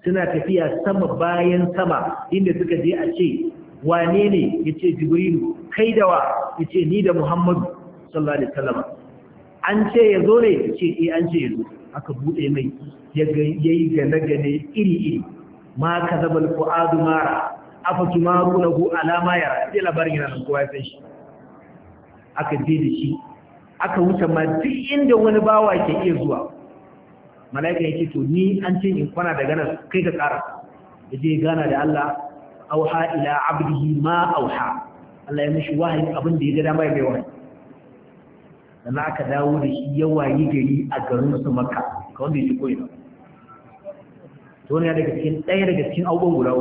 suna tafiya sama bayan sama inda suka je a ce wane ne ya ce jibrilu kai dawa wa ya ce ni da muhammadu sallallahu alaihi wasallam an ce ya zo ne ce eh an ce ya aka bude mai ya yayi gane gane iri iri ma kadaba alfuadu mara afatumarunahu ala ma yara sai labarin yana nan kowa ya san shi aka je da shi aka wuce ma duk inda wani bawa ke iya zuwa mala'ika yake to ni an ce in kwana da nan kai ka ƙara ya je gana da Allah auha ila abdihi ma auha Allah ya mishi wahayi abin da ya ga dama ya bai wahayi sannan aka dawo da shi yawa yi gari a garin su maka ka wanda ya ci koyi to ne daga cikin ɗaya daga cikin abubuwan guda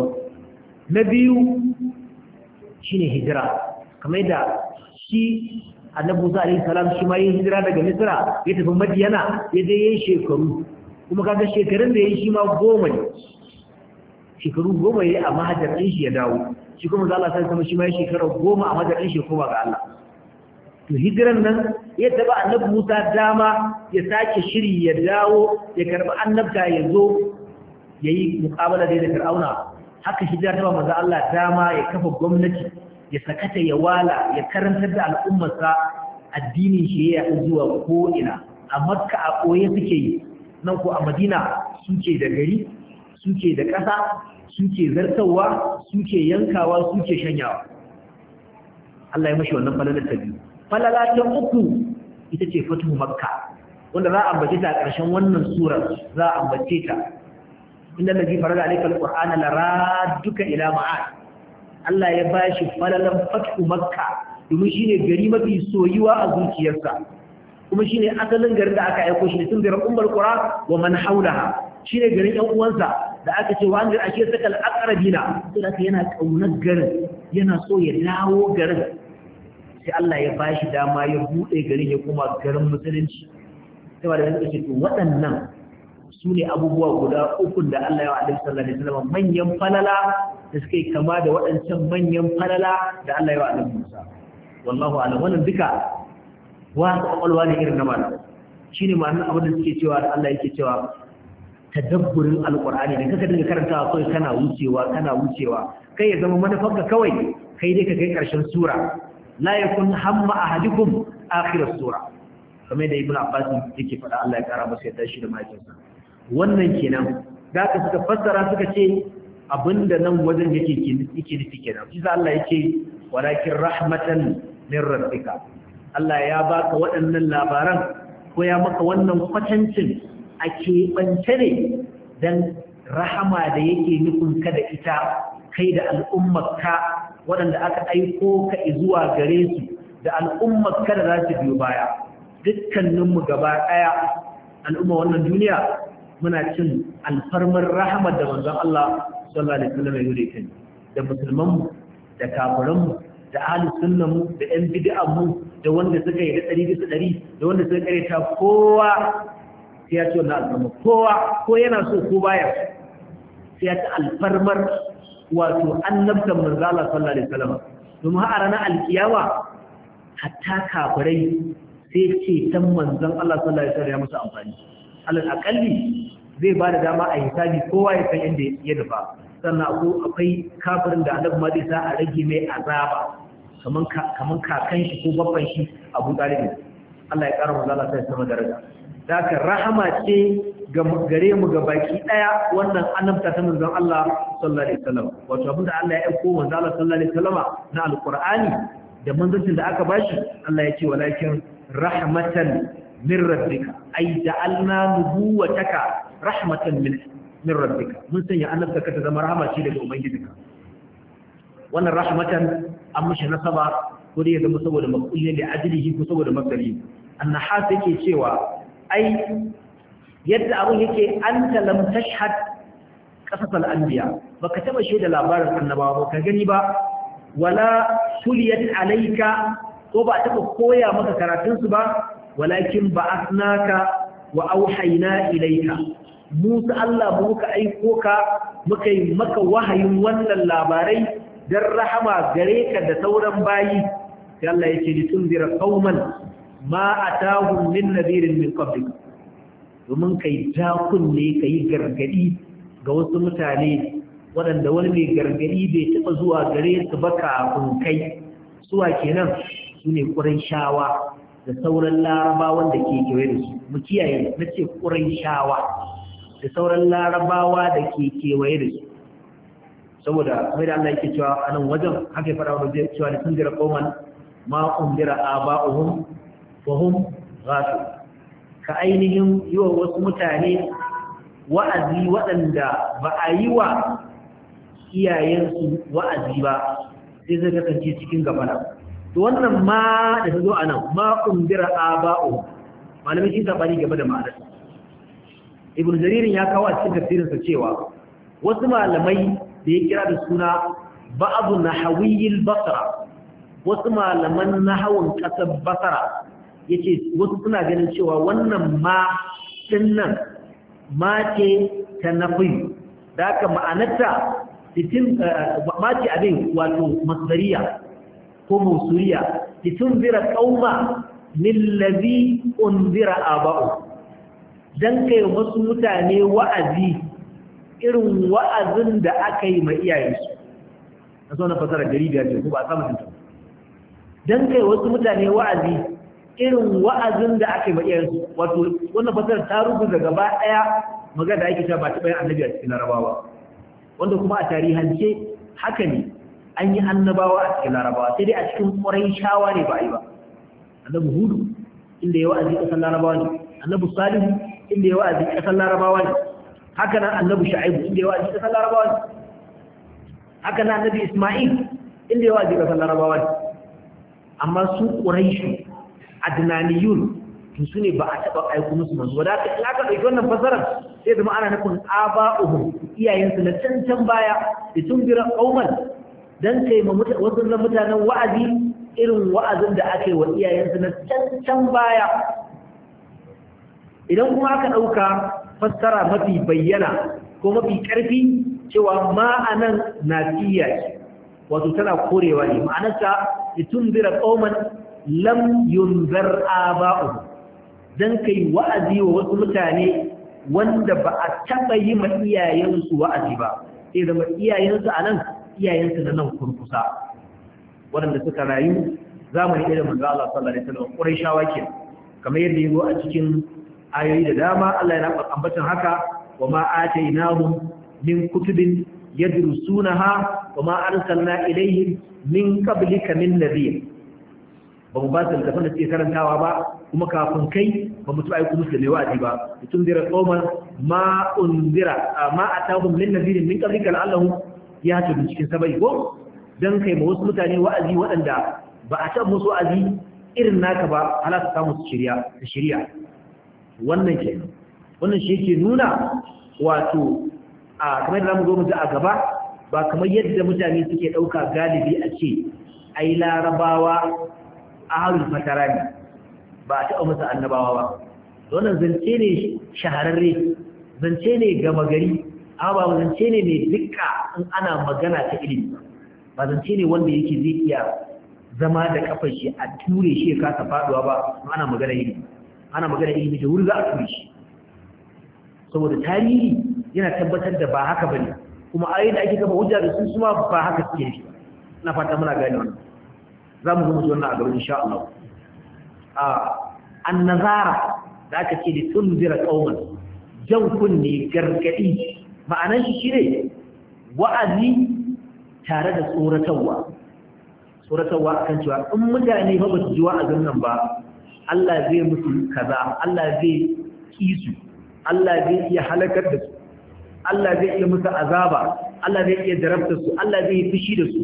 na biyu shine hijira kamar da shi annabi Musa alaihi salam shi ma yi hijira daga Misra ya tafi Madiyana ya je yin shekaru kuma kaga shekarun da yi shi ma goma ne shekaru goma yi a mahajar ɗin shi ya dawo shi kuma za Allah sai kuma shi ma yayi shekara goma a mahajar ɗin shi koma ga Allah to hijiran nan ya taba annabi Musa dama ya sake shiri ya dawo ya karbi annabta ya zo ya yi muqabala da Fir'auna haka hijira ta manzo Allah dama ya kafa gwamnati ya sakata ya wala ya karantar da al'ummarsa addinin shi ya zuwa ko ina a Makka a koye suke yi nan ko a Madina suke da gari suke da ƙasa suke zartawa suke yankawa suke shanyawa Allah ya mashi wannan falalar ta falala ta uku ita ce fatuhu makka wanda za a ambace ta a ƙarshen wannan surar za a ambace ta inda da jifar da alaikar ƙwar'ana lara duka ila ma'ad Allah ya bashi falalan fatuhu makka domin shi ne gari mafi soyuwa a zuciyarsa kuma shi ne asalin garin da aka aiko shi ne tun garin umar Kura, wa man haulaha shi ne garin ‘yan uwansa da aka ce wa an gari ashe sakal akarabina sai da yana ƙaunar garin yana so ya dawo garin sai Allah ya bashi dama ya buɗe garin ya koma garin musulunci sai ba da zai ce to waɗannan su ne abubuwa guda uku da Allah ya wa'adin sallallahu alaihi wasallam manyan falala da suke kama da waɗancan manyan falala da Allah ya wa'adin Musa wallahu a'lam wannan duka wa kwakwalwa ne irin na malamai shine ma'anar abin da suke cewa da Allah yake cewa tadabburin Alƙur'ani da kaka dinga karantawa kawai kana wucewa kana wucewa kai ya zama manufarka kawai kai dai ka kai karshen sura la yakun hamma ahadukum akirar sura kamar da ibnu abbas yake faɗa Allah ya kara masa yadda shi da mahaifinsa wannan kenan da ka suka fassara suka ce abinda nan wajen yake yake nufi kenan shi Allah yake walakin rahmatan min rabbika Allah ya baka waɗannan labaran ko ya maka wannan kwatancin a keɓance ne don rahama da yake nufin ka da ita kai da al'ummarka waɗanda aka aiko ka zuwa gare su da al'ummar kada za su biyo baya dukkaninmu gaba ɗaya al'umma wannan duniya muna cin alfarmar rahamar da manzon Allah sallallahu alaihi wasallam ya yure kan da musulmanmu da kafiranmu da ahlus mu, da yan bid'anmu da wanda suka yi da ɗari bisa ɗari da wanda suka kareta kowa sai ya ce wannan al'umma, kowa ko yana so ko baya sai ya ci alfarmar wato annabtan manzo Allah sallallahu alaihi wasallam domin a na alkiyawa hatta kafirai sai ce tan manzon Allah sallallahu alaihi wasallam ya musu amfani alal akalli zai ba da dama a hisabi kowa ya san inda ya dafa sannan ko akwai kafirin da annabi mai sa a rage mai azaba kaman kaman kakan shi ko babban shi Abu Talib Allah ya kara manzo Allah sallallahu alaihi daraja zaka rahama ce gare mu ga baki daya wannan annabta ta manzon Allah sallallahu alaihi wasallam wato da Allah ya aiko manzon Allah sallallahu alaihi wasallam na alqur'ani da manzancin da aka bashi Allah ya ce walakin rahmatan min rabbika ay ja'alna nubuwataka rahmatan min min rabbika mun sanya annabta ka ta zama rahama ce daga ubangijinka wannan rahmatan an mishi nasaba ko dai ya zama saboda makulli da ajlihi ko saboda makdari annaha take cewa ai yadda abin yake an talam tashhad qasasal anbiya baka taba shaida labarin annabawa ba ka gani ba wala tuliyat alayka ko ba taba koya maka karatun su ba walakin ba'athnaka wa auhayna ilayka musa Allah muka aiko ka muka yi maka wahayin wannan labarai dan rahama gare ka da sauran bayi sai Allah yake litunzira qauman ma atahum min nadirin min qablik domin kai kunne yi gargadi ga wasu mutane waɗanda wani mai gargadi bai taɓa zuwa gare su ba kafin kai suwa kenan su ne shawa da sauran larabawan da ke kewaye da su mu kiyaye na ce shawa da sauran larabawa da ke kewaye da su saboda kamar da Allah yake cewa a nan wajen haka ya faɗa wani cewa da sun jira koman ma undira aba'uhum Fahim hum ka ainihin yi wa wasu mutane wa'azi waɗanda ba a yi wa iyayensu wa'azi ba sai zai kasance cikin gabana to wannan ma da ta zo a nan ma kumbira aba'u malamin shi sabani game da ma'anar ibn jaririn ya kawo a cikin tafsirinsa cewa wasu malamai da ya kira da suna ba'adu Hawiyin Basara, wasu malaman na hawan kasar Basara. yace wasu suna ganin cewa wannan ma din nan ma ce ta nafi da haka ma'anarta mace eh, ma ce abin wato masariya ko musuriya titin zira ƙauma min ladhi unzira aba'u dan kai wasu mutane wa'azi irin wa'azin da aka yi ma iyayensu a zo na fasara gari biyar ce ko ba a samu don dan kai wasu mutane wa'azi irin wa'azin da aka yi ba iyansu wato wannan fasar ta rubuta gaba ɗaya magana da ake cewa ba ta bayan annabi a cikin larabawa wanda kuma a tarihance haka ne an yi annabawa a cikin larabawa sai dai a cikin ƙwarai shawa ne ba a yi ba annabi hudu inda ya wa'azi ƙasar larabawa ne annabi salihu inda ya wa'azi ƙasar larabawa ne haka nan annabi sha'ibu inda ya wa'azi ƙasar larabawa ne haka nan annabi isma'il inda ya wa'azi ƙasar larabawa ne amma su shi adnaniyun to su ba a taɓa aiko musu manzo da in aka ɗauki wannan fasarar sai zama ana nufin aba'uhum iyayensu na cancan baya da tun bira ƙauman don ma wasu na mutanen wa'azi irin wa'azin da ake wa iyayensu na cancan baya idan kuma aka ɗauka fassara mafi bayyana ko mafi ƙarfi cewa ma'anan na wato tana korewa ne ma'anarsa itun bira ƙauman lam yunzar aba'u dan kai wa'azi wa wasu mutane wanda ba a taba yi ma iyayensu wa'azi ba sai zama iyayensu anan iyayensu da nan kurkusa waɗanda suka rayu zamani irin manzo Allah sallallahu alaihi wasallam Qurayshawa ke kamar yadda yago a cikin ayoyi da dama Allah yana ambatan haka wama atainahum min kutubin yadrusunaha wama arsalna ilaihim min qablika min nadhir ba mu ba su littafin da suke karantawa ba kuma kafin kai ba mu taɓa aiko musu da mai wa'azi ba mutum zira tsoman ma unzira ma a tahun min nazirin min ƙarfi kan allahu ya ce cikin sabai ko don kai ma wasu mutane wa'azi waɗanda ba a taɓa musu wa'azi irin naka ba ala ta samu su shirya shirya wannan ke wannan shi yake nuna wato a kamar da mu zo mu ji a gaba ba kamar yadda mutane suke ɗauka galibi a ce ai larabawa ahalun fatara ne ba a taɓa masa annabawa ba wannan zance ne shahararre zance ne gama gari amma ba zance ne mai dukka in ana magana ta ilimi ba zance ne wanda yake zai iya zama da kafar shi a ture shi ya kasa faduwa ba ana magana ilimi ana magana ilimi da wuri za a ture shi saboda tarihi yana tabbatar da ba haka bane kuma ayoyin da ake kafa hujja da su suma ba haka suke shi na fata muna gane wannan za mu zama wannan a gaban insha Allah an nazara da aka ce da tunzira kauman jan kunne gargadi ma'anar shi shine wa'azi tare da tsoratarwa tsoratarwa akan cewa in mutane ba su ji wa'azin nan ba Allah zai musu kaza Allah zai kisu Allah zai iya halakar da su Allah zai iya musu azaba Allah zai iya jarabta su Allah zai fushi da su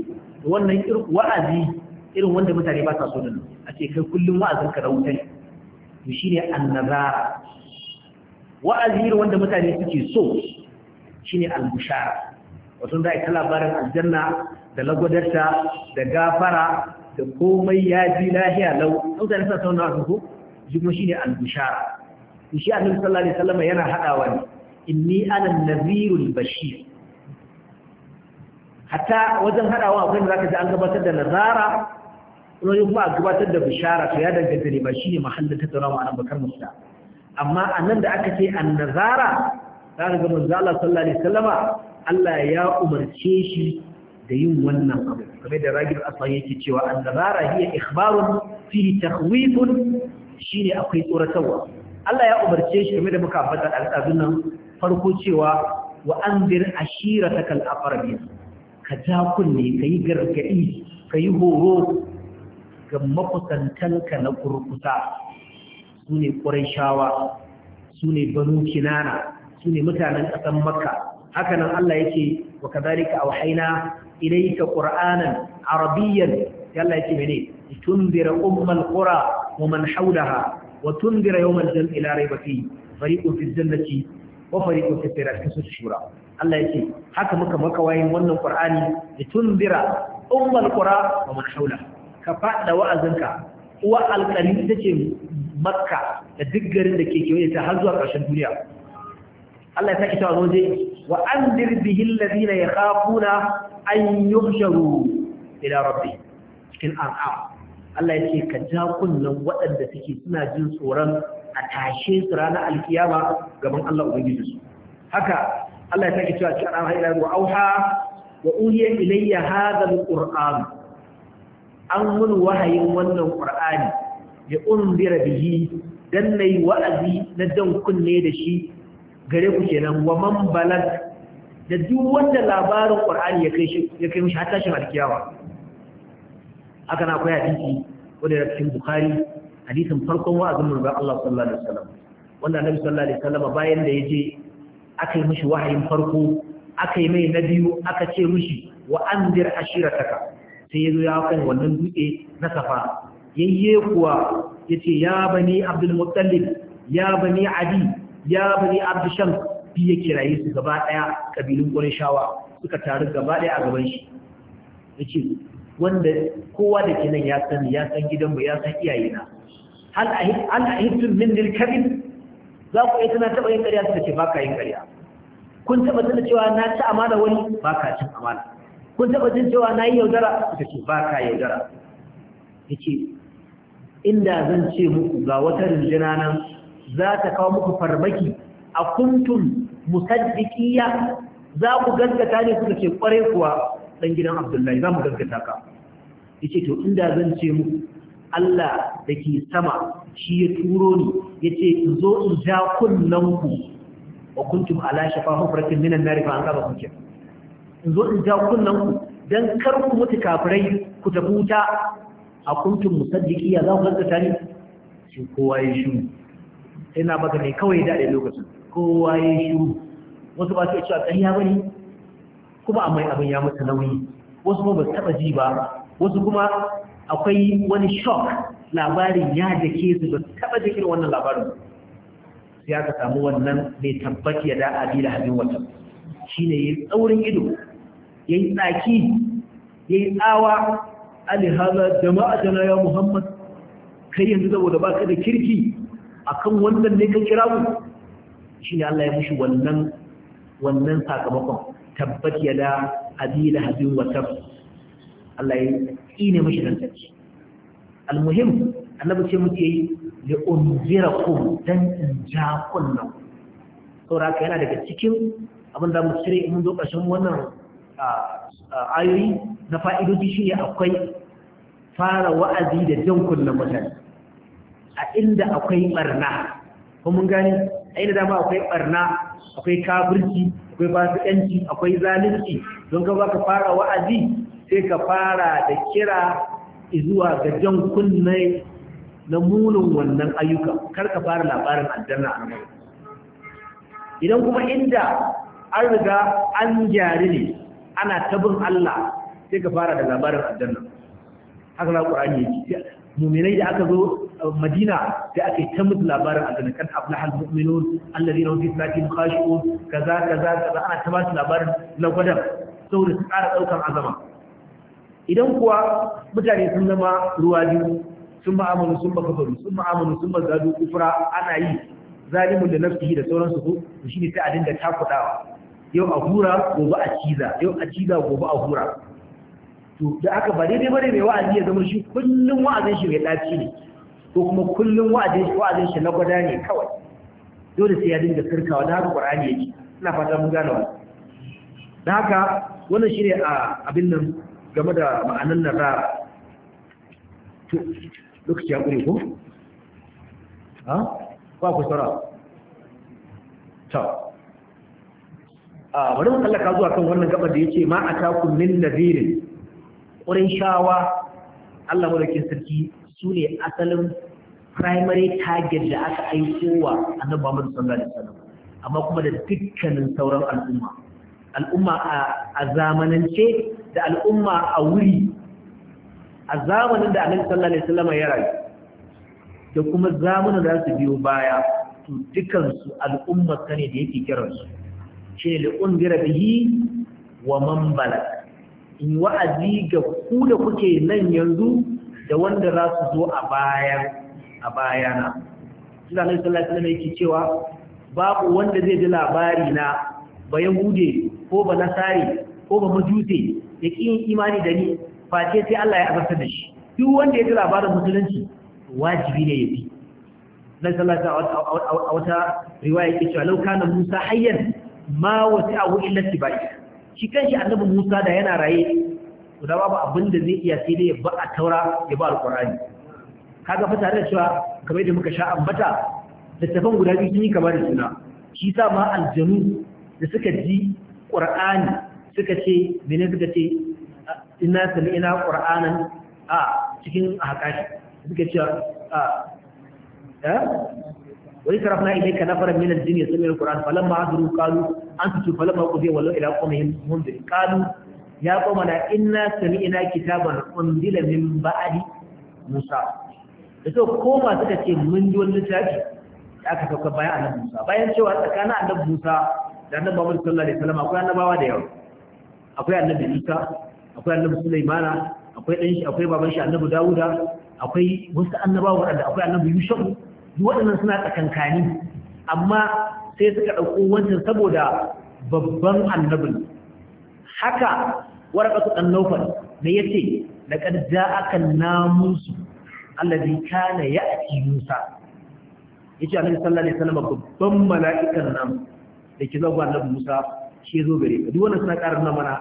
wannan wa'azi irin wanda mutane ba sa so nan a ce kai kullum wa'azin ka wuta ne to shine annazara wa'azi irin wanda mutane suke so shine al-bushara wato da ita labarin aljanna da lagwadarta da gafara da komai ya ji lahiya lau mutane sa sauna wasu ko shi kuma shine al-bushara to shi annabi sallallahu alaihi wasallam yana haɗawa ne inni ana nazirul bashir hatta wajen hadawa akwai da zaka ji an gabatar da nazara wani kuma a gabatar da bishara to ya danganta ne ba shi ne mahallin tattaunawa bakar musta amma a nan da aka ce an nazara za ka ga manzo Allah sallallahu alaihi wasallama Allah ya umarce shi da yin wannan abu kamar da ragib asan yake cewa an nazara hiya ikhbarun fi takwifin shine akwai tsoratarwa Allah ya umarce shi kamar da muka ambata al'adun nan farko cewa wa anzir ashiratakal aqrabin ka ja kunne kai gargadi kai horo ga makusantanka na kurkusa su ne ƙuraishawa su ne banu kinana su ne mutanen ƙasar makka hakanan Allah yake wa kadhalika awhayna ilayka qur'anan arabiyyan Allah yake mene tunzira umman ƙura wa man hawlaha wa tunzira yawmal jam'i la rayba fihi fariqun fil jannati wa fariqun fil su shura Allah yake haka muka maka wayin wannan qur'ani tunzira umman ƙura wa man hawlaha ka faɗa wa'azinka uwa alƙari ta ce makka da duk garin da ke kewaye ta har zuwa ƙarshen duniya Allah ya saki tawazo je wa andir bihi alladhina kafuna an yi yuhsharu ila rabbi cikin an'am Allah ya ce ka ja kunnan waɗanda suke suna jin tsoron a tashe su ranar alkiyama gaban Allah ubangiji su haka Allah ya saki cewa cikin an'am ila wa auha wa uhiya ilayya hadha alquran an mun wahayin wannan qur'ani ya umbira bihi dan nayi wa'azi na dan kunne da shi gare ku kenan wa man balag da duk wanda labarin qur'ani ya kai shi ya kai mishi hatta shi malkiyawa haka na akwai hadisi wanda da cikin bukhari hadisin farkon wa'azin manzon Allah sallallahu alaihi wasallam wanda annabi sallallahu alaihi wasallam bayan da yaje aka yi mishi wahayin farko aka yi mai na biyu aka ce mishi wa ashirataka sai ya zo ya kan wannan dutse na safa yayye kuwa ya ce ya bani abdul muttalib ya bani adi ya bani abdushan bi ya kiraye su gaba daya kabilun qurayshawa suka taru gaba daya a gaban shi yace wanda kowa da ke nan ya san ya san mu ya san iyayena hal a hal min dil za ku yi tana taba yin ƙarya suka ce baka yin ƙarya kun taba tana cewa na ci amana wani ba ka cin amana kun taɓa jin cewa na yi yaudara ta ce ba ka yaudara ya ce inda zan ce muku ga wata rinjina nan za ta kawo muku farmaki a kuntun musaddiqiya za ku gaskata ne suka ce kware kuwa dan gidan Abdullahi za mu gaskata ka ce to inda zan ce muku Allah dake sama shi ya turo ni yace in zo in ja kunnan ku wa kuntum ala shafa hufratin minan nar fa an kaba kuke in zo in ja kunnan ku dan kar ku mutu kafirai ku tafi wuta a kuntun musaddiqi ya za ku gaskata ni sai kowa ya shiru sai na baka ne kawai da dai lokacin kowa ya shiru wasu ba su cewa ƙarya bane kuma amma abin ya mutu nauyi wasu ba su taba ji ba wasu kuma akwai wani shock labarin ya dake su ba su taba jikin irin wannan labarin sai aka samu wannan mai tabbaci da adila habin wata shine yayin tsaurin ido yayi tsaki yayi tsawa alihaza jama'a ya muhammad kai yanzu saboda baka da kirki akan wannan ne ka kira mu shine Allah ya mushi wannan wannan sakamakon tabbat da abila habin wa Allah ya tsine mushi dan tsaki almuhim annabi ce muke yi li unzirakum dan in ja kunnan saboda yana daga cikin abin da mu cire mun zo ƙarshen wannan ayoyi na fa'idoji shi akwai fara wa'azi da jan kunna mutane a inda akwai barna kuma mun gani a inda dama akwai barna akwai kafirci akwai fasikanci akwai zalunci don ka fara wa'azi sai ka fara da kira zuwa ga jan kunne na munin wannan ayyuka kar ka fara labarin aljanna a nan idan kuma inda an riga an gyare ne ana tabin Allah sai ka fara da labarin aljanna haka na ƙur'ani yake muminai da aka zo uh, madina sai aka yi ta musu labarin aljanna kan aflahal mu'minun alladhina hum fi salatihim khashi'un kaza kaza kaza ana ta ba labarin labarin lagwadan saboda su ƙara ɗaukar azama idan kuwa mutane sun zama ruwa biyu sun ma'amalu sun ba kafaru sun ma'amalu sun ba zadu kufra ana yi zalimin da nafsihi da sauransu ko shi ne sai a dinga takudawa yau a hura gobe a ciza yau a ciza gobe a hura to da aka ba daidai bane mai wa'azi ya zama shi kullum wa'azin shi mai ɗaci ne ko kuma kullum wa'azin shi na gwada ne kawai dole sai ya dinga sirkawa da haka qur'ani yake ina fata mun gane wannan da haka wannan shi ne a abin nan game da ma'anan nan ra lokaci ya kure ko? ha? ba ku tsara ta bari mu tsallaka zuwa kan wannan gaba da yace ma ataku min nadirin shawa Allah madaukin sarki su ne asalin primary target da aka aiko wa annabi Muhammad sallallahu alaihi wasallam amma kuma da dukkanin sauran al'umma al'umma a zamanance da al'umma a wuri a zamanin da annabi sallallahu alaihi wasallam ya rayu da kuma zamanin da su biyo baya to dukkan su al'umma kane da yake kiransu shi ne liƙundira bihi wa man bala in wa'azi ga ku da kuke nan yanzu da wanda za su zo a bayan a bayana suna nan sallallahu alaihi cewa babu wanda zai ji labari na ba yahude ko ba nasari ko ba majuse ya ƙi imani da ni face sai Allah ya azarta da shi duk wanda ya ji labarin musulunci wajibi ne ya bi nan sallallahu alaihi a wata riwaya yake cewa law kana Musa hayyan ma wata abu illa ba shi kanshi annabi Musa da yana raye to da babu abin da zai iya sai dai ba a taura ya ba alqur'ani kaga fa tare da cewa kamar da muka sha ambata littafan guda biyu sun yi kamar da suna shi sa ma aljanu da suka ji qur'ani suka ce menene suka ce inna sami'na qur'anan a cikin hakashi suka ce a eh? وإذ صرفنا إليك نفرا من الجن يسمعون القرآن فلما an قالوا أنصتوا فلما قضي ولوا إلى قومهم منذرين قالوا يا قومنا إنا سمعنا كتابا أنزل من بعد موسى da koma suka ce mun ji wani littafi da aka sauka bayan annabi Musa bayan cewa tsakanin annabi Musa da annabi Muhammad sallallahu alaihi wasallam akwai annabawa da yawa akwai annabi Isa akwai annabi Sulaimana akwai dan akwai baban shi annabi Dawuda akwai wasu annabawa wanda akwai annabi Yusuf duk waɗannan suna tsakankani amma sai suka ɗauko wancan saboda babban annabin haka warqatu naufar da yace laqad ja'aka namusu allazi kana ya'ti musa yace annabi sallallahu alaihi wasallam babban mala'ikan nan da ke zo ga annabi musa shi zo gare ka duk wannan suna ƙara nuna mana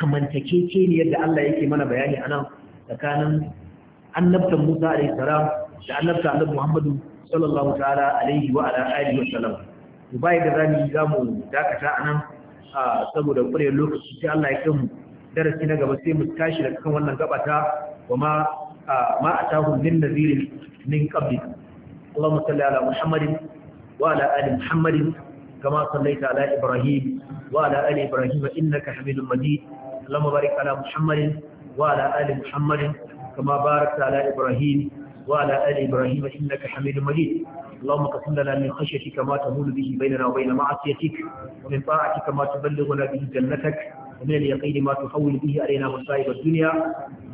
kamantakece ne yadda Allah yake mana bayani anan tsakanin annabtan musa alaihi salam da annabta annabi muhammadu sallallahu ta'ala alaihi wa ala alihi wa sallam to bai da zani zamu dakata anan saboda kurewar lokaci sai Allah ya kai darasi na gaba sai mu tashi daga kan wannan gaba ta wa ma ma atahu min nadhir min qablik Allahumma salli ala Muhammadin wa ala ali Muhammadin kama sallaita ala Ibrahim wa ala ali Ibrahim innaka Hamidum Majid Allahumma barik ala Muhammadin wa ala ali Muhammadin kama barakta ala Ibrahim وعلى آل إبراهيم إنك حميد مجيد اللهم قسم لنا من خشيتك ما تهول به بيننا وبين معصيتك ومن طاعتك ما تبلغنا به جنتك ومن اليقين ما تحول به علينا مصائب الدنيا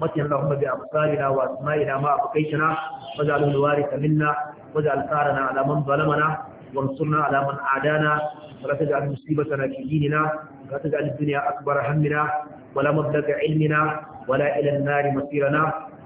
متن اللهم بأبصارنا وأسمائنا ما أبقيتنا واجعله الوارث منا واجعل ثارنا على من ظلمنا وانصرنا على من عادانا ولا تجعل مصيبتنا في ديننا ولا تجعل الدنيا أكبر همنا ولا مبلغ علمنا ولا إلى النار مصيرنا